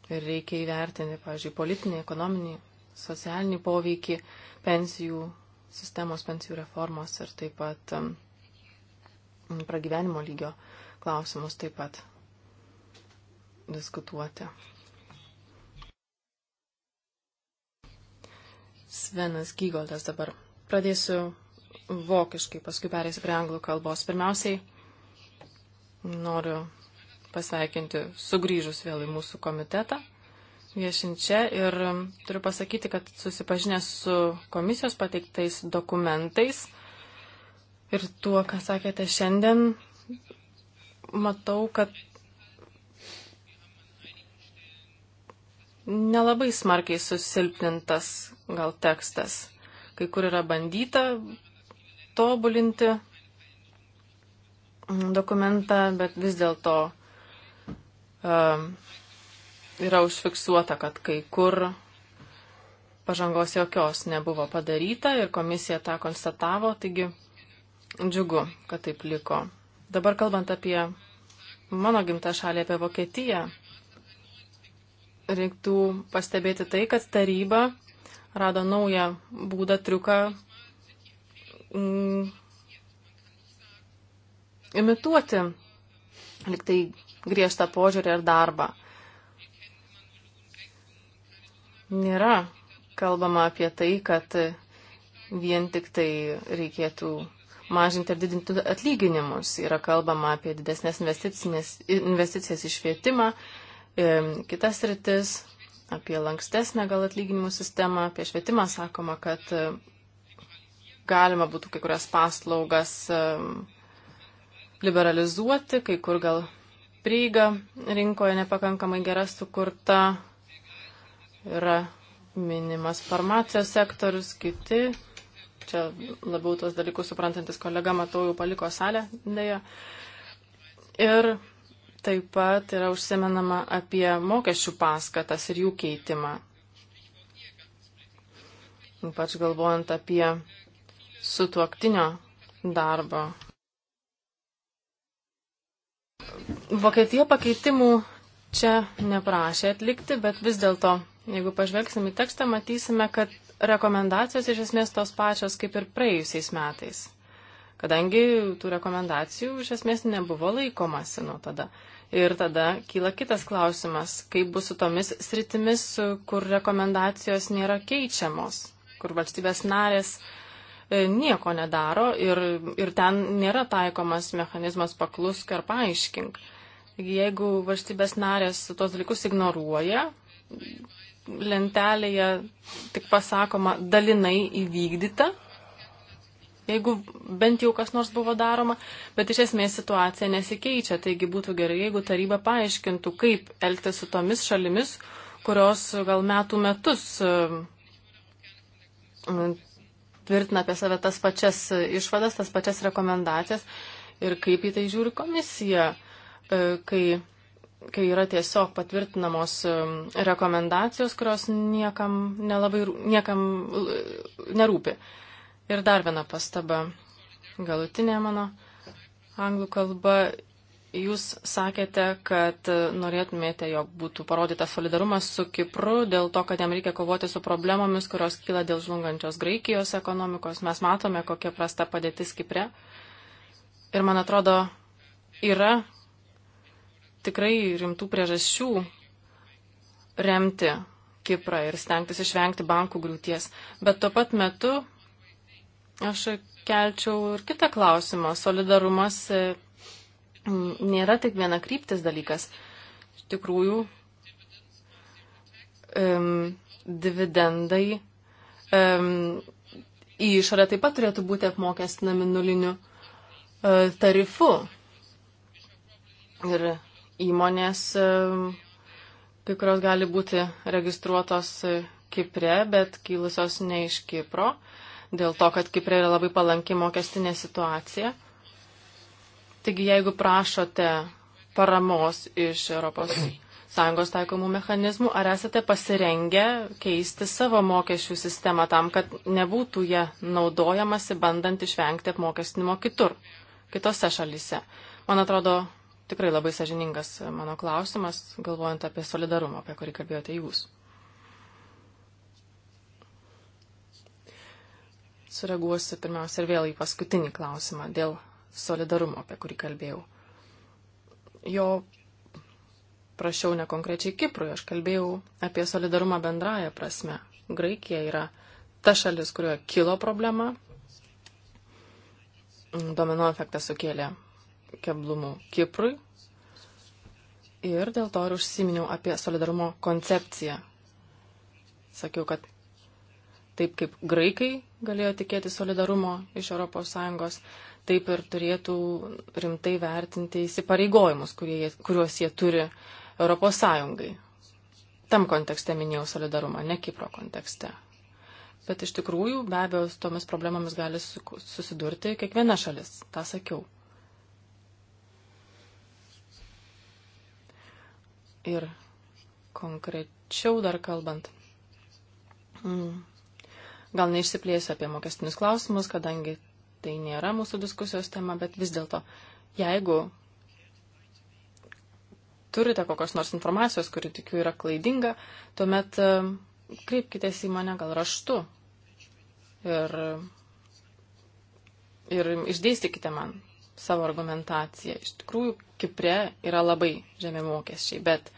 Ir reikia įvertinti, pavyzdžiui, politinį, ekonominį socialinį poveikį pensijų sistemos, pensijų reformos ir taip pat um, pragyvenimo lygio klausimus taip pat diskutuoti. Svenas Gygoldas dabar. Pradėsiu vokiškai, paskui perėsiu prie anglų kalbos. Pirmiausiai noriu pasveikinti sugrįžus vėl į mūsų komitetą viešint čia ir turiu pasakyti, kad susipažinęs su komisijos pateiktais dokumentais ir tuo, ką sakėte šiandien, matau, kad nelabai smarkiai susilpnintas gal tekstas. Kai kur yra bandyta tobulinti dokumentą, bet vis dėlto uh, um, yra užfiksuota, kad kai kur pažangos jokios nebuvo padaryta ir komisija tą konstatavo, taigi džiugu, kad taip liko. Dabar kalbant apie mano gimtą šalį, apie Vokietiją, reiktų pastebėti tai, kad taryba rado naują būdą triuką mm, imituoti liktai griežtą požiūrį ir darbą nėra kalbama apie tai, kad vien tik tai reikėtų mažinti ir didinti atlyginimus. Yra kalbama apie didesnės investicijas į švietimą, e, kitas rytis, apie lankstesnę gal atlyginimų sistemą, apie švietimą sakoma, kad e, galima būtų kai kurias paslaugas e, liberalizuoti, kai kur gal prieiga rinkoje nepakankamai gera sukurta, yra minimas farmacijos sektorius, kiti, čia labiau tos dalykus suprantantis kolega, matau, jau paliko salę, dėja. Ir taip pat yra užsimenama apie mokesčių paskatas ir jų keitimą. Ypač galvojant apie sutuoktinio darbo. Vokietija pakeitimų čia neprašė atlikti, bet vis dėlto Jeigu pažvelgsim į tekstą, matysime, kad rekomendacijos iš esmės tos pačios kaip ir praėjusiais metais. Kadangi tų rekomendacijų iš esmės nebuvo laikomasi nuo tada. Ir tada kyla kitas klausimas, kaip bus su tomis sritimis, kur rekomendacijos nėra keičiamos, kur valstybės narės e, nieko nedaro ir, ir ten nėra taikomas mechanizmas paklusk ar paaiškink. Jeigu valstybės narės tuos dalykus ignoruoja, lentelėje tik pasakoma dalinai įvykdyta, jeigu bent jau kas nors buvo daroma, bet iš esmės situacija nesikeičia. Taigi būtų gerai, jeigu taryba paaiškintų, kaip elgtis su tomis šalimis, kurios gal metų metus e, tvirtina apie save tas pačias išvadas, tas pačias rekomendacijas ir kaip į tai žiūri komisija, e, kai kai yra tiesiog patvirtinamos rekomendacijos, kurios niekam, nelabai, niekam nerūpi. Ir dar viena pastaba, galutinė mano anglų kalba. Jūs sakėte, kad norėtumėte, jog būtų parodytas solidarumas su Kipru dėl to, kad jam reikia kovoti su problemomis, kurios kyla dėl žlungančios Graikijos ekonomikos. Mes matome, kokia prasta padėtis Kipre. Ir man atrodo, yra tikrai rimtų priežasčių remti Kiprą ir stengtis išvengti bankų griūties. Bet tuo pat metu aš kelčiau ir kitą klausimą. Solidarumas e, nėra tik viena kryptis dalykas. Iš tikrųjų, um, dividendai um, į išorę taip pat turėtų būti apmokestinami nuliniu uh, tarifu. Ir įmonės, e, kai kurios gali būti registruotos Kipre, bet kilusios ne iš Kipro, dėl to, kad Kipre yra labai palanki mokestinė situacija. Taigi, jeigu prašote paramos iš ES taikomų mechanizmų, ar esate pasirengę keisti savo mokesčių sistemą tam, kad nebūtų jie naudojamasi, bandant išvengti apmokestinimo kitur, kitose šalyse? Man atrodo, tikrai labai sažiningas mano klausimas, galvojant apie solidarumą, apie kurį kalbėjote jūs. Sureaguosiu pirmiausia ir vėl į paskutinį klausimą dėl solidarumo, apie kurį kalbėjau. Jo prašiau ne konkrečiai Kiprui, aš kalbėjau apie solidarumą bendrają prasme. Graikija yra ta šalis, kurioje kilo problema. Domino efektą sukėlė keblumų Kiprui. Ir dėl to ir užsiminiau apie solidarumo koncepciją. Sakiau, kad taip kaip graikai galėjo tikėti solidarumo iš ES, taip ir turėtų rimtai vertinti įsipareigojimus, kurie, kuriuos jie turi ES. Tam kontekste minėjau solidarumą, ne Kipro kontekste. Bet iš tikrųjų, be abejo, su tomis problemomis gali susidurti kiekviena šalis. Ta sakiau. Ir konkrečiau dar kalbant, mm, gal neišsiplėsiu apie mokestinius klausimus, kadangi tai nėra mūsų diskusijos tema, bet vis dėlto, jeigu turite kokios nors informacijos, kuri tikiu yra klaidinga, tuomet e, kreipkitės į mane gal raštu ir, ir išdėstykite man savo argumentaciją. Iš tikrųjų, Kipre yra labai žemė mokesčiai, bet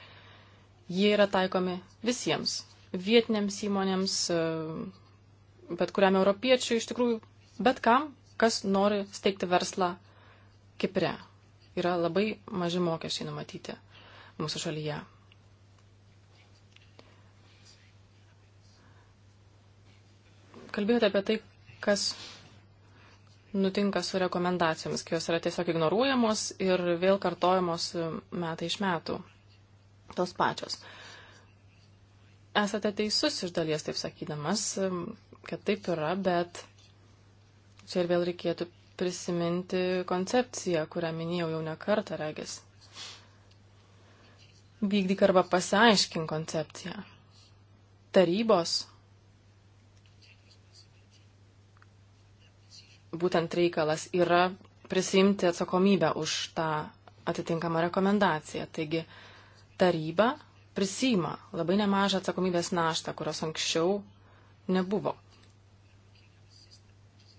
jie yra taikomi visiems vietiniams įmonėms, e, bet kuriam europiečiui, iš tikrųjų, bet kam, kas nori steigti verslą Kipre. Yra labai maži mokesčiai numatyti mūsų šalyje. Kalbėjote apie tai, kas nutinka su rekomendacijomis, kai jos yra tiesiog ignoruojamos ir vėl kartojamos metai iš metų. Tos pačios. Esate teisus iš dalies taip sakydamas, kad taip yra, bet čia ir vėl reikėtų prisiminti koncepciją, kurią minėjau jau ne kartą, regis. Vykdyk arba pasiaiškink koncepciją. Tarybos būtent reikalas yra prisimti atsakomybę už tą atitinkamą rekomendaciją. Taigi taryba prisima labai nemažą atsakomybės naštą, kurios anksčiau nebuvo.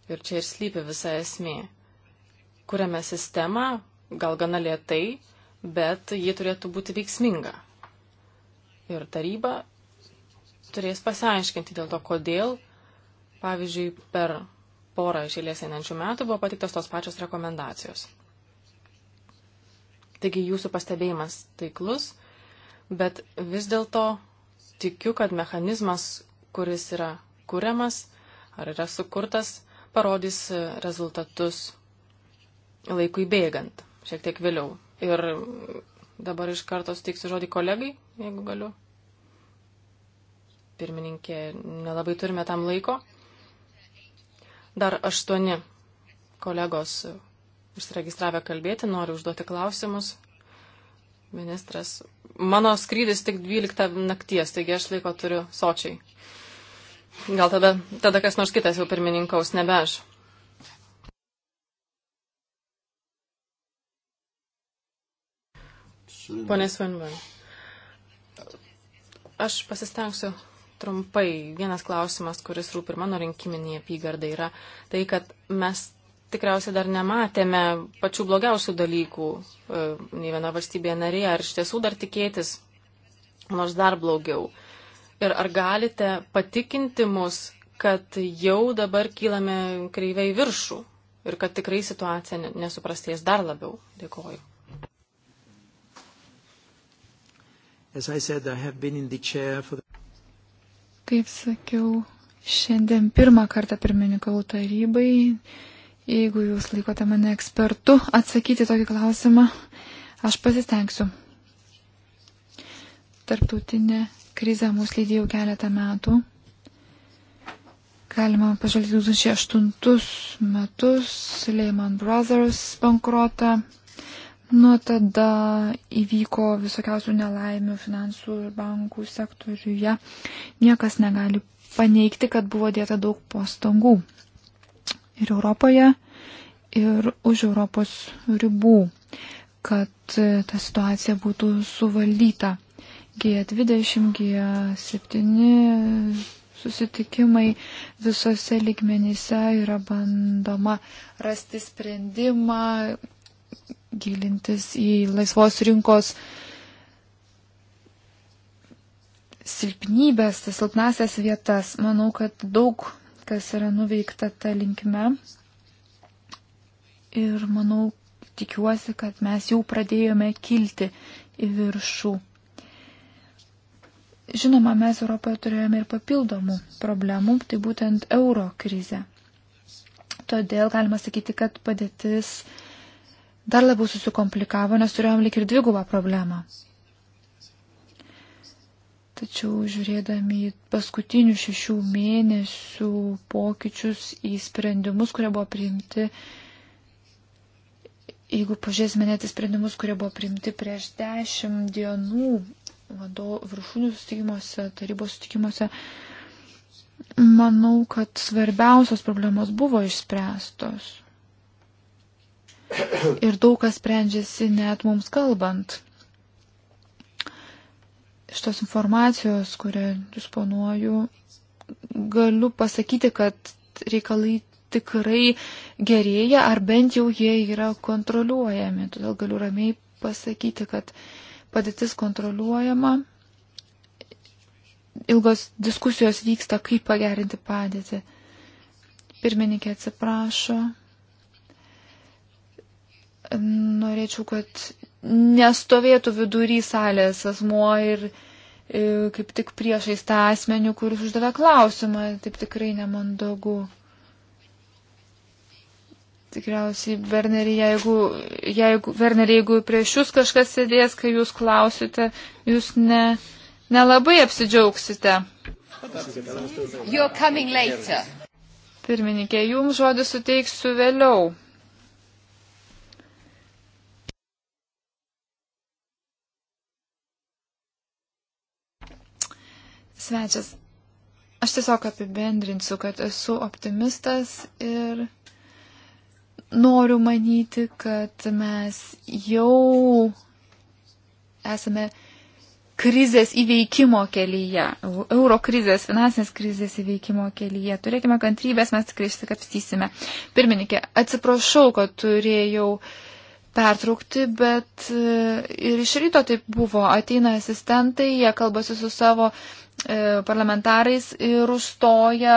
Ir čia ir slypi visa esmė. Kuriame sistemą, gal gana lietai, bet ji turėtų būti veiksminga. Ir taryba turės pasiaiškinti dėl to, kodėl, pavyzdžiui, per porą išėlės einančių metų buvo patiktos tos pačios rekomendacijos. Taigi jūsų pastebėjimas taiklus, bet vis dėlto tikiu, kad mechanizmas, kuris yra kuriamas ar yra sukurtas, parodys rezultatus laikui bėgant, šiek tiek vėliau. Ir dabar iš karto suteiksiu žodį kolegai, jeigu galiu. Pirmininkė, nelabai turime tam laiko. Dar aštuoni kolegos užsiregistravę kalbėti, noriu užduoti klausimus. Ministras, mano skrydis tik 12 nakties, taigi aš laiko turiu sočiai. Gal tada, tada kas nors kitas jau pirmininkaus, nebe aš. Pone Svenman, aš pasistengsiu trumpai, vienas klausimas, kuris rūpi ir mano rinkiminėje apygardai, yra tai, kad mes tikriausiai dar nematėme pačių blogiausių dalykų e, nei viena valstybėje narėje, ar iš tiesų dar tikėtis, nors dar blogiau. Ir ar galite patikinti mus, kad jau dabar kylame kreivai viršų ir kad tikrai situacija nesuprastės dar labiau? Dėkoju. As I said, I have been in the chair for the Kaip sakiau, šiandien pirmą kartą pirmininkau tarybai. Jeigu jūs laikote mane ekspertu atsakyti tokį klausimą, aš pasistengsiu. Tarptautinė krizė mus lydėjo keletą metų. Galima pažvelgti 2008 metus, Lehman Brothers bankrotą, Nuo tada įvyko visokiausių nelaimių finansų ir bankų sektoriuje. Niekas negali paneigti, kad buvo dėta daug pastangų ir Europoje, ir už Europos ribų, kad ta situacija būtų suvaldyta. G20, G7 susitikimai visose ligmenyse yra bandoma rasti sprendimą, gilintis į laisvos rinkos silpnybės, tas silpnasias vietas. Manau, kad daug kas yra nuveikta tą linkme. Ir manau, tikiuosi, kad mes jau pradėjome kilti į viršų. Žinoma, mes Europoje turėjome ir papildomų problemų, tai būtent euro krizė. Todėl galima sakyti, kad padėtis uh, dar labiau susikomplikavo, nes turėjom lik ir dvigubą problemą. Tačiau žiūrėdami paskutinių šešių mėnesių pokyčius į sprendimus, kurie buvo priimti, jeigu pažiūrėsime net į sprendimus, kurie buvo priimti prieš dešimt dienų vado, viršūnių sustikimuose, tarybos sustikimuose, manau, kad svarbiausios problemos buvo išspręstos. Ir daug kas sprendžiasi net mums kalbant. Šitos informacijos, kurią disponuoju, galiu pasakyti, kad reikalai tikrai gerėja, ar bent jau jie yra kontroliuojami. Todėl galiu ramiai pasakyti, kad padėtis kontroliuojama. Ilgos diskusijos vyksta, kaip pagerinti padėtį. Pirmininkė atsiprašo norėčiau, kad nestovėtų vidury salės asmuo ir e, kaip tik priešais tą asmenį, kuris uždavė klausimą, taip tikrai nemandagu. Tikriausiai, Berneri, jeigu, jeigu, Berneri, jeigu prieš jūs kažkas sėdės, kai jūs klausite, jūs ne, nelabai apsidžiaugsite. Pirmininkė, jums žodį suteiksiu vėliau. svečias. Aš tiesiog apibendrinsiu, kad esu optimistas ir noriu manyti, kad mes jau esame krizės įveikimo kelyje, euro krizės, finansinės krizės įveikimo kelyje. Turėkime kantrybės, mes tikrai išsikapstysime. Pirmininkė, atsiprašau, kad turėjau uh, pertraukti, bet e, ir iš ryto taip buvo. Ateina asistentai, jie kalbasi su savo e, parlamentarais ir užstoja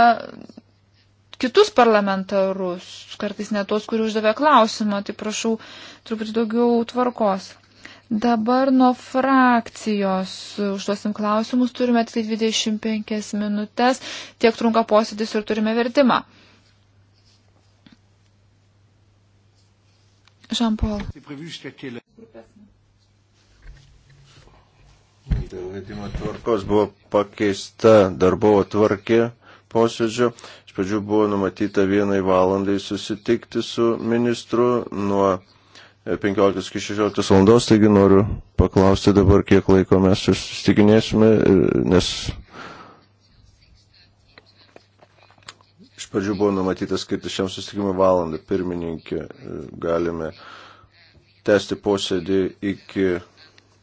kitus parlamentarus, kartais ne tos, kurie uždavė klausimą, tai prašau truputį daugiau tvarkos. Dabar nuo frakcijos užduosim klausimus, turime tik 25 minutės, tiek trunka posėdis ir turime vertimą. Žampol. Dėl vedimo tvarkos buvo pakeista darbo tvarkė posėdžio. Iš pradžių buvo numatyta vienai valandai susitikti su ministru nuo 15 iki 16 valandos, taigi noriu paklausti dabar, kiek laiko mes susitikinėsime, nes pradžių buvo numatytas skirti šiam susitikimui valandą. Pirmininkė, e, galime tęsti posėdį iki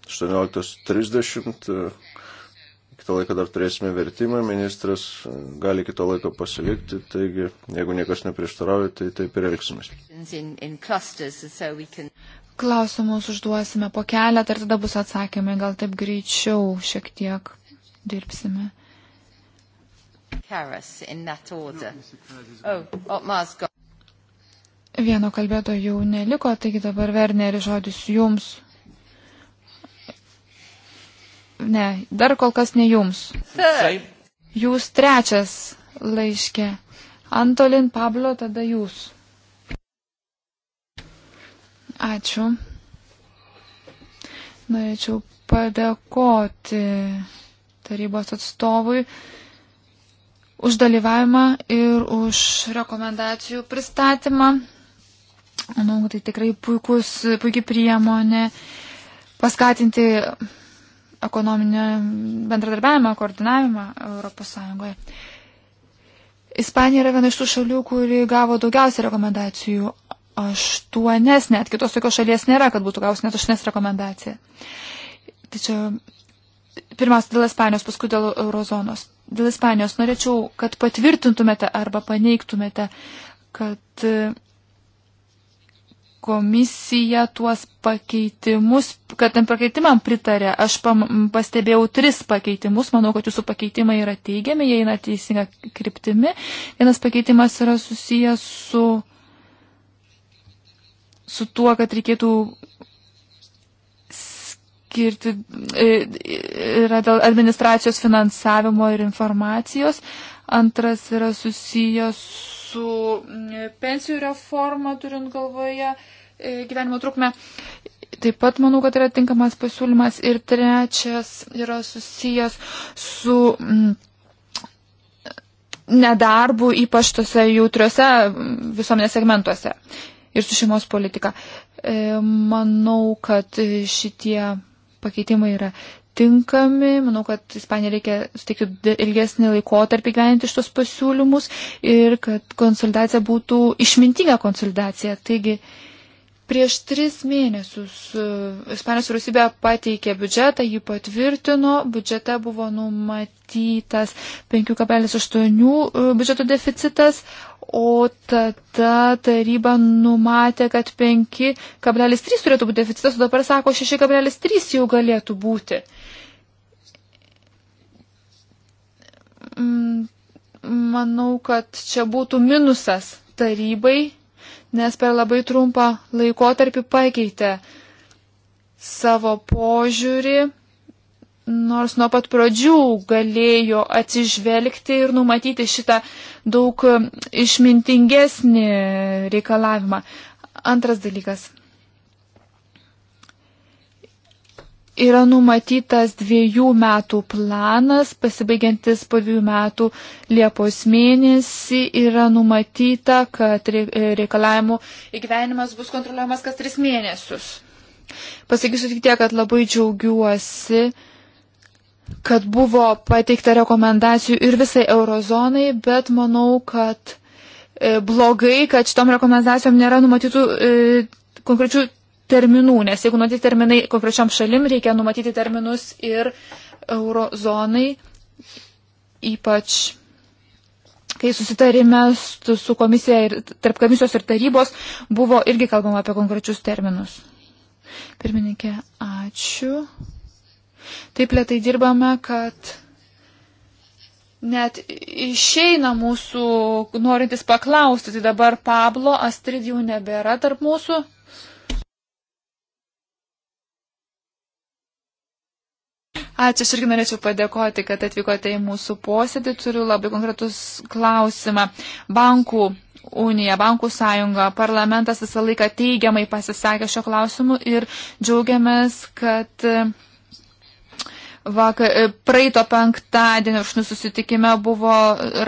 18.30. E, kitą laiką dar turėsime vertimą, ministras e, gali kitą laiką pasilikti, taigi jeigu niekas neprieštarauja, tai taip ir elgsimės. Klausimus užduosime po keletą ir tada bus atsakymai, gal taip greičiau šiek tiek dirbsime. Karas, in that order. Oh, Otmar's got... Vieno kalbėto jau neliko, taigi dabar Werneri žodis jums. Ne, dar kol kas ne jums. Third. Jūs trečias laiškė. Antolin Pablo, tada jūs. Ačiū. Norėčiau padėkoti tarybos atstovui už dalyvavimą ir už rekomendacijų pristatymą. Manau, tai tikrai puikus, puikiai priemonė paskatinti ekonominį bendradarbiavimą, koordinavimą ES. Ispanija yra viena iš tų šalių, kuri gavo daugiausiai rekomendacijų. Aštuones net, kitos tokios šalies nėra, kad būtų gaus net aštuones rekomendaciją. Tačiau pirmiausia dėl Ispanijos, paskui dėl eurozonos dėl Ispanijos norėčiau, kad patvirtintumėte arba paneigtumėte, kad e, komisija tuos pakeitimus, kad tam pakeitimam pritarė. Aš pam, pastebėjau tris pakeitimus, manau, kad jūsų pakeitimai yra teigiami, jie eina teisinga kryptimi. Vienas pakeitimas yra susijęs su, su tuo, kad reikėtų skirti, e, yra dėl administracijos finansavimo ir informacijos. Antras yra susijęs su e, pensijų reforma, turint galvoje e, gyvenimo trukmę. Taip pat manau, kad yra tinkamas pasiūlymas. Ir trečias yra susijęs su mm, nedarbu, ypač tose jautriuose mm, visuomenės segmentuose ir su šeimos politika. Manau, kad šitie pakeitimai yra tinkami. Manau, kad Ispanija reikia suteikti ilgesnį laikotarpį gyventi šitos pasiūlymus ir kad konsultacija būtų išmintinga konsultacija. Taigi, uh, Prieš tris mėnesius e, Ispanijos vyriausybė pateikė biudžetą, jį patvirtino, biudžete buvo numatytas 5,8 e, biudžeto deficitas, o tada taryba numatė, kad 5,3 turėtų būti deficitas, o dabar sako 6,3 jau galėtų būti. Mm, manau, kad čia būtų minusas tarybai nes per labai trumpą laikotarpį pakeitė savo požiūrį, nors nuo pat pradžių galėjo atsižvelgti ir numatyti šitą daug išmintingesnį reikalavimą. Antras dalykas. yra numatytas dviejų metų planas, pasibaigiantis po dviejų metų Liepos mėnesį yra numatyta, kad reikalavimų įgyvenimas bus kontroliuojamas kas tris mėnesius. Pasakysiu tik tiek, kad labai džiaugiuosi, kad buvo pateikta rekomendacijų ir visai eurozonai, bet manau, kad e, blogai, kad šitom rekomendacijom nėra numatytų e, konkrečių terminų, nes jeigu numatyti terminai konkrečiam šalim, reikia numatyti terminus ir eurozonai, ypač kai susitarime su komisija ir tarp komisijos ir tarybos buvo irgi kalbama apie konkrečius terminus. Pirmininkė, ačiū. Taip lietai dirbame, kad net išeina mūsų norintis paklausti. Tai dabar Pablo, Astrid jau nebėra tarp mūsų. Ačiū, aš irgi norėčiau padėkoti, kad atvykote į mūsų posėdį. Turiu labai konkretus klausimą. Bankų unija, bankų sąjunga, parlamentas visą laiką teigiamai pasisakė šio klausimu ir džiaugiamės, kad e, vakar, e, praeito penktadienio viršnų susitikime buvo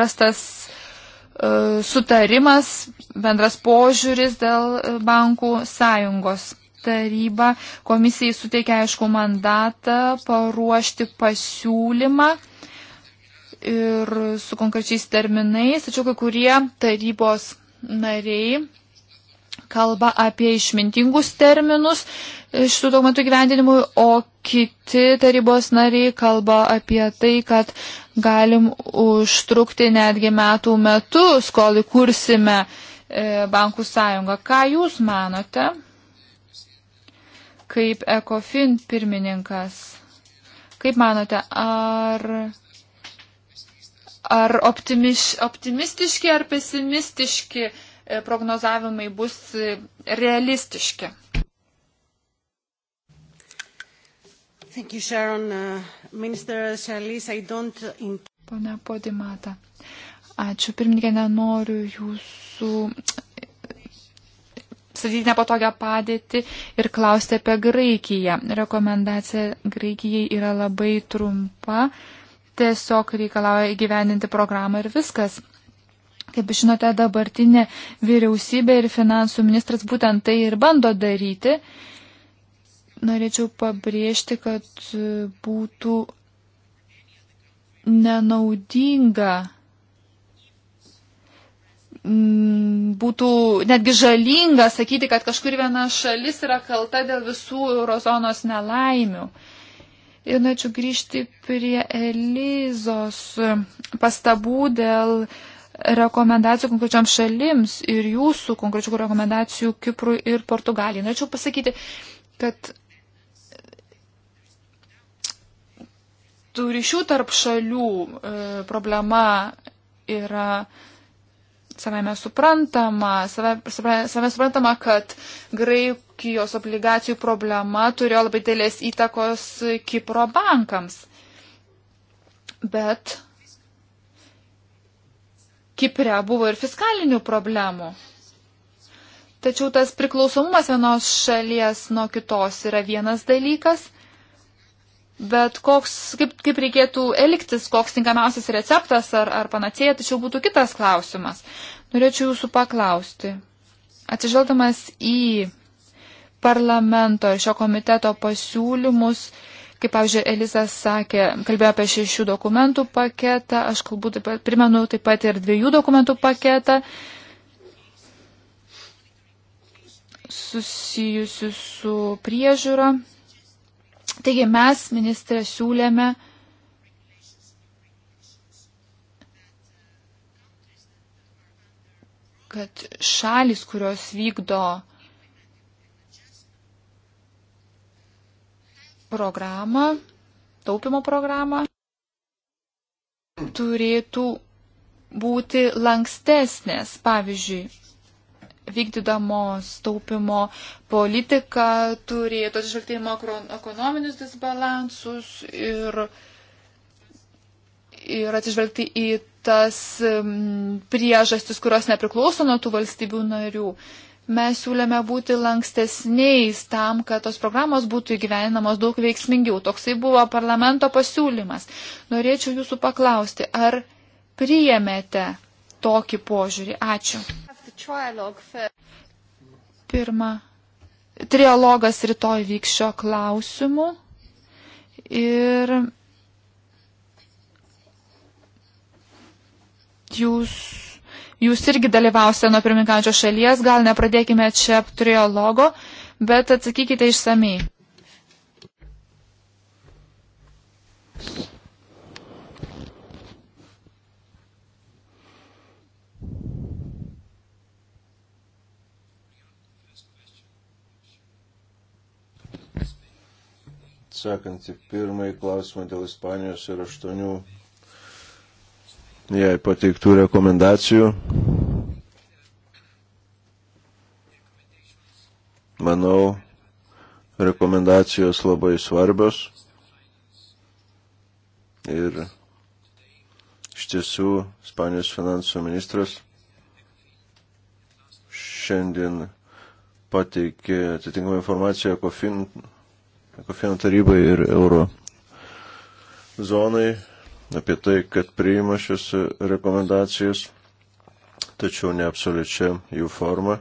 rastas e, sutarimas, bendras požiūris dėl bankų sąjungos taryba komisijai suteikia aišku mandatą paruošti pasiūlymą ir su konkrečiais terminais, tačiau kai kurie tarybos nariai kalba apie išmintingus terminus šitų dokumentų gyvendinimui, o kiti tarybos nariai kalba apie tai, kad galim užtrukti netgi metų metus, kol įkursime e, bankų sąjungą. Ką Jūs manote? kaip ECOFIN pirmininkas. Kaip manote, ar, ar optimiš, optimistiški ar pesimistiški e, prognozavimai bus e, realistiški? Thank you, Sharon. Uh, Minister Shalis, I don't... Pone Podimata, ačiū. Pirmininkė, nenoriu jūsų statyti nepatogią padėtį ir klausti apie Graikiją. Rekomendacija Graikijai yra labai trumpa, tiesiog reikalauja įgyveninti programą ir viskas. Kaip žinote, dabartinė vyriausybė ir finansų ministras būtent tai ir bando daryti. Norėčiau pabrėžti, kad būtų nenaudinga Mm, būtų netgi žalinga sakyti, kad kažkur viena šalis yra kalta dėl visų eurozonos nelaimių. Ir norėčiau grįžti prie Elizos pastabų dėl rekomendacijų konkrečiam šalims ir jūsų konkrečių rekomendacijų Kiprui ir Portugalijai. Norėčiau pasakyti, kad tų ryšių tarp šalių e, problema yra savame suprantama, savame, savame suprantama, kad Graikijos obligacijų problema turėjo labai dėlės įtakos Kipro bankams. Bet Kipre buvo ir fiskalinių problemų. Tačiau tas priklausomumas vienos šalies nuo kitos yra vienas dalykas, Bet koks, kaip, kaip reikėtų elgtis, koks tinkamiausias receptas ar, ar panacėja, tačiau būtų kitas klausimas. Norėčiau jūsų paklausti. Atsižvelgdamas į parlamento ir šio komiteto pasiūlymus, kaip, pavyzdžiui, Elizas sakė, kalbėjo apie šešių dokumentų paketą, aš kalbu taip pat, primenu taip pat ir dviejų dokumentų paketą susijusių su priežiūra Taigi mes, ministrė, siūlėme kad šalis, kurios vykdo programą, taupimo programą, turėtų būti lankstesnės. Pavyzdžiui, vykdydamos taupimo politiką turėtų atsižvelgti į makroekonominius disbalansus ir, ir atsižvelgti į tas priežastis, kurios nepriklauso nuo tų valstybių narių. Mes siūlėme būti lankstesniais tam, kad tos programos būtų įgyveninamos daug veiksmingiau. Toksai buvo parlamento pasiūlymas. Norėčiau jūsų paklausti, ar priėmėte tokį požiūrį? Ačiū. Pirma, trialogas rytoj vyks šio klausimu ir jūs, jūs irgi dalyvausite nuo pirmininkančio šalies, gal nepradėkime čia trialogo, bet atsakykite išsamei. Atsakant į pirmąjį klausimą dėl Ispanijos ir aštuonių jai pateiktų rekomendacijų, manau, rekomendacijos labai svarbios ir iš tiesų Ispanijos finansų ministras šiandien pateikė atitinkamą informaciją COFIN Ekofino tarybai ir euro zonai apie tai, kad priima šias rekomendacijas, tačiau neabsoliučia jų forma.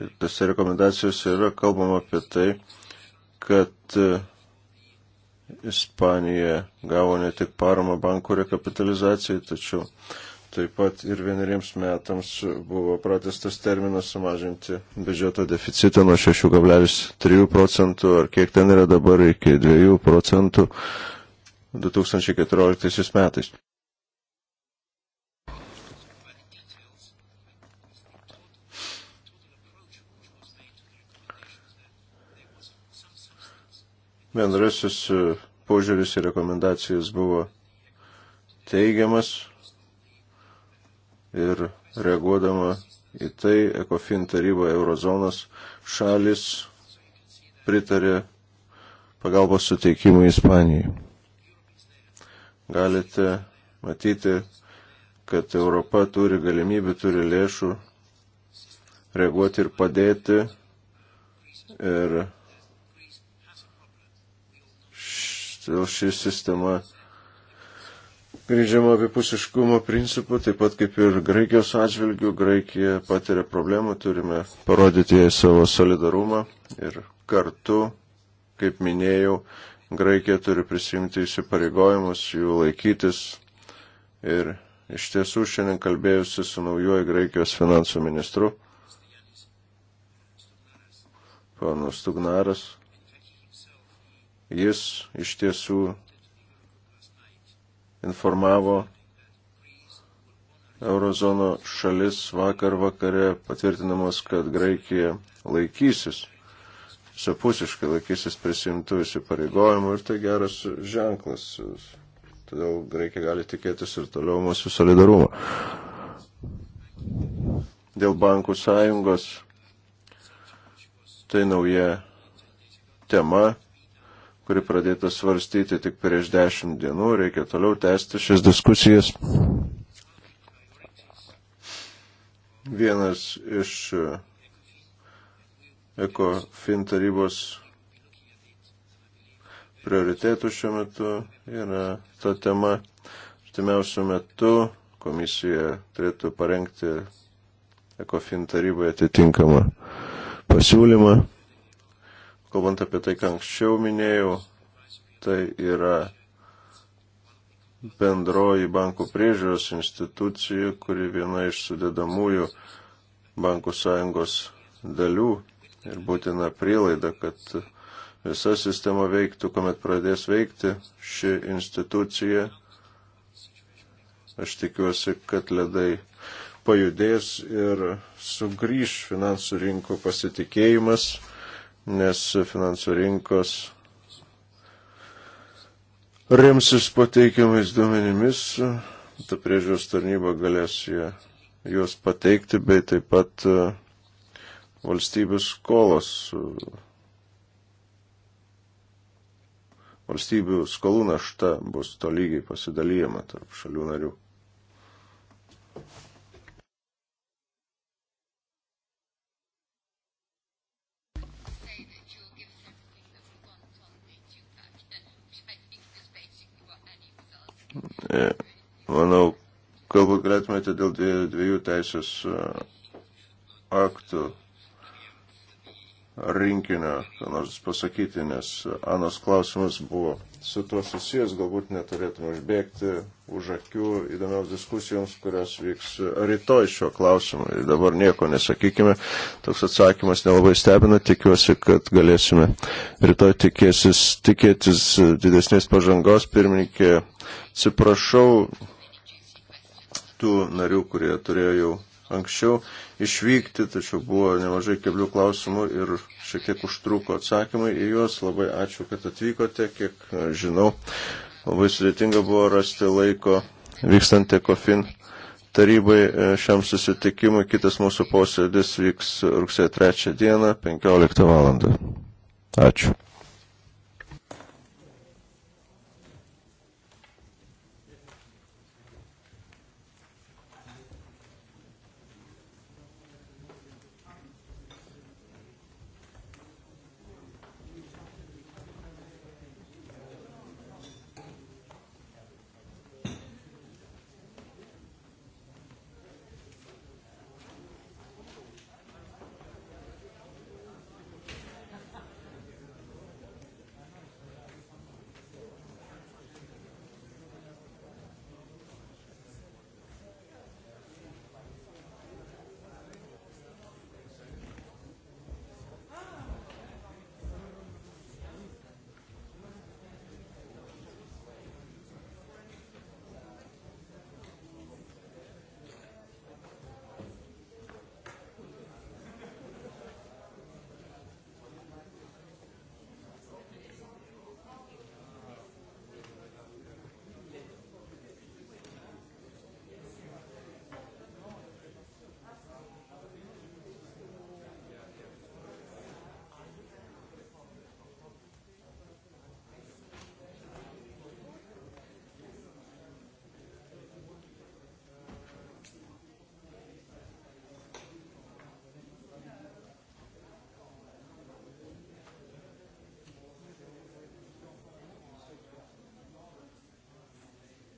Ir tose rekomendacijose yra kalbama apie tai, kad e, Ispanija gavo ne tik paramą bankų rekapitalizacijai, tačiau taip pat ir vieneriems metams buvo pratestas terminas sumažinti biudžeto deficitą nuo 6,3 procentų ar kiek ten yra dabar iki 2 procentų 2014 metais. bendrasis e, požiūris į rekomendacijas buvo teigiamas ir reaguodama į tai ECOFIN taryba eurozonos šalis pritarė pagalbos suteikimui Ispanijai. Galite matyti, kad Europa turi galimybių, turi lėšų reaguoti ir padėti ir Todėl ši sistema grįžiama abipusiškumo principu, taip pat kaip ir Graikijos atžvilgių. Graikija patiria problemų, turime parodyti jai savo solidarumą ir kartu, kaip minėjau, Graikija turi prisimti įsipareigojimus, jų laikytis. Ir iš tiesų šiandien kalbėjusi su naujuoju Graikijos finansų ministru, panu Stugnaras, Jis iš tiesų informavo Eurozono šalis vakar vakare patvirtinamas, kad Graikija laikysis, visapusiškai laikysis prisimtų įsipareigojimų ir tai geras ženklas. Todėl Graikija gali tikėtis ir toliau mūsų solidarumo. Dėl bankų sąjungos tai nauja tema kuri pradėta svarstyti tik prieš dešimt dienų, reikia toliau tęsti šias diskusijas. Vienas iš uh, ECOFIN tarybos prioritėtų šiuo metu yra ta tema. Artimiausiu metu komisija turėtų parengti ECOFIN tarybai atitinkamą pasiūlymą kalbant apie tai, ką anksčiau minėjau, tai yra bendroji bankų priežiūros institucija, kuri viena iš sudėdamųjų bankų sąjungos dalių ir būtina prielaida, kad visa sistema veiktų, kuomet pradės veikti ši institucija. Aš tikiuosi, kad ledai pajudės ir sugrįž finansų rinkų pasitikėjimas nes finansų rinkos remsis pateikiamais duomenimis, ta priežiūros tarnyba galės jie, juos pateikti, bei taip pat e, valstybės skolos, e, valstybių skolų našta bus tolygiai pasidalyjama tarp šalių narių. E, manau, kalbą galėtumėte dėl dviejų teisės e, aktų rinkinio, ką nors pasakyti, nes Anos klausimas buvo su tuo susijęs, galbūt neturėtume užbėgti už akių įdomiaus diskusijoms, kurios vyks rytoj šiuo klausimu. Ir dabar nieko nesakykime, toks atsakymas nelabai stebina, tikiuosi, kad galėsime rytoj tikėsis, tikėtis didesnės pažangos. Pirmininkė, atsiprašau tų narių, kurie turėjo jau anksčiau išvykti, tačiau buvo nemažai keblių klausimų ir šiek tiek užtruko atsakymai į juos. Labai ačiū, kad atvykote, kiek e, žinau. Labai sudėtinga buvo rasti laiko vykstant ekofin tarybai e, šiam susitikimui. Kitas mūsų posėdis vyks rugsėjo 3 dieną, 15 val. Ačiū.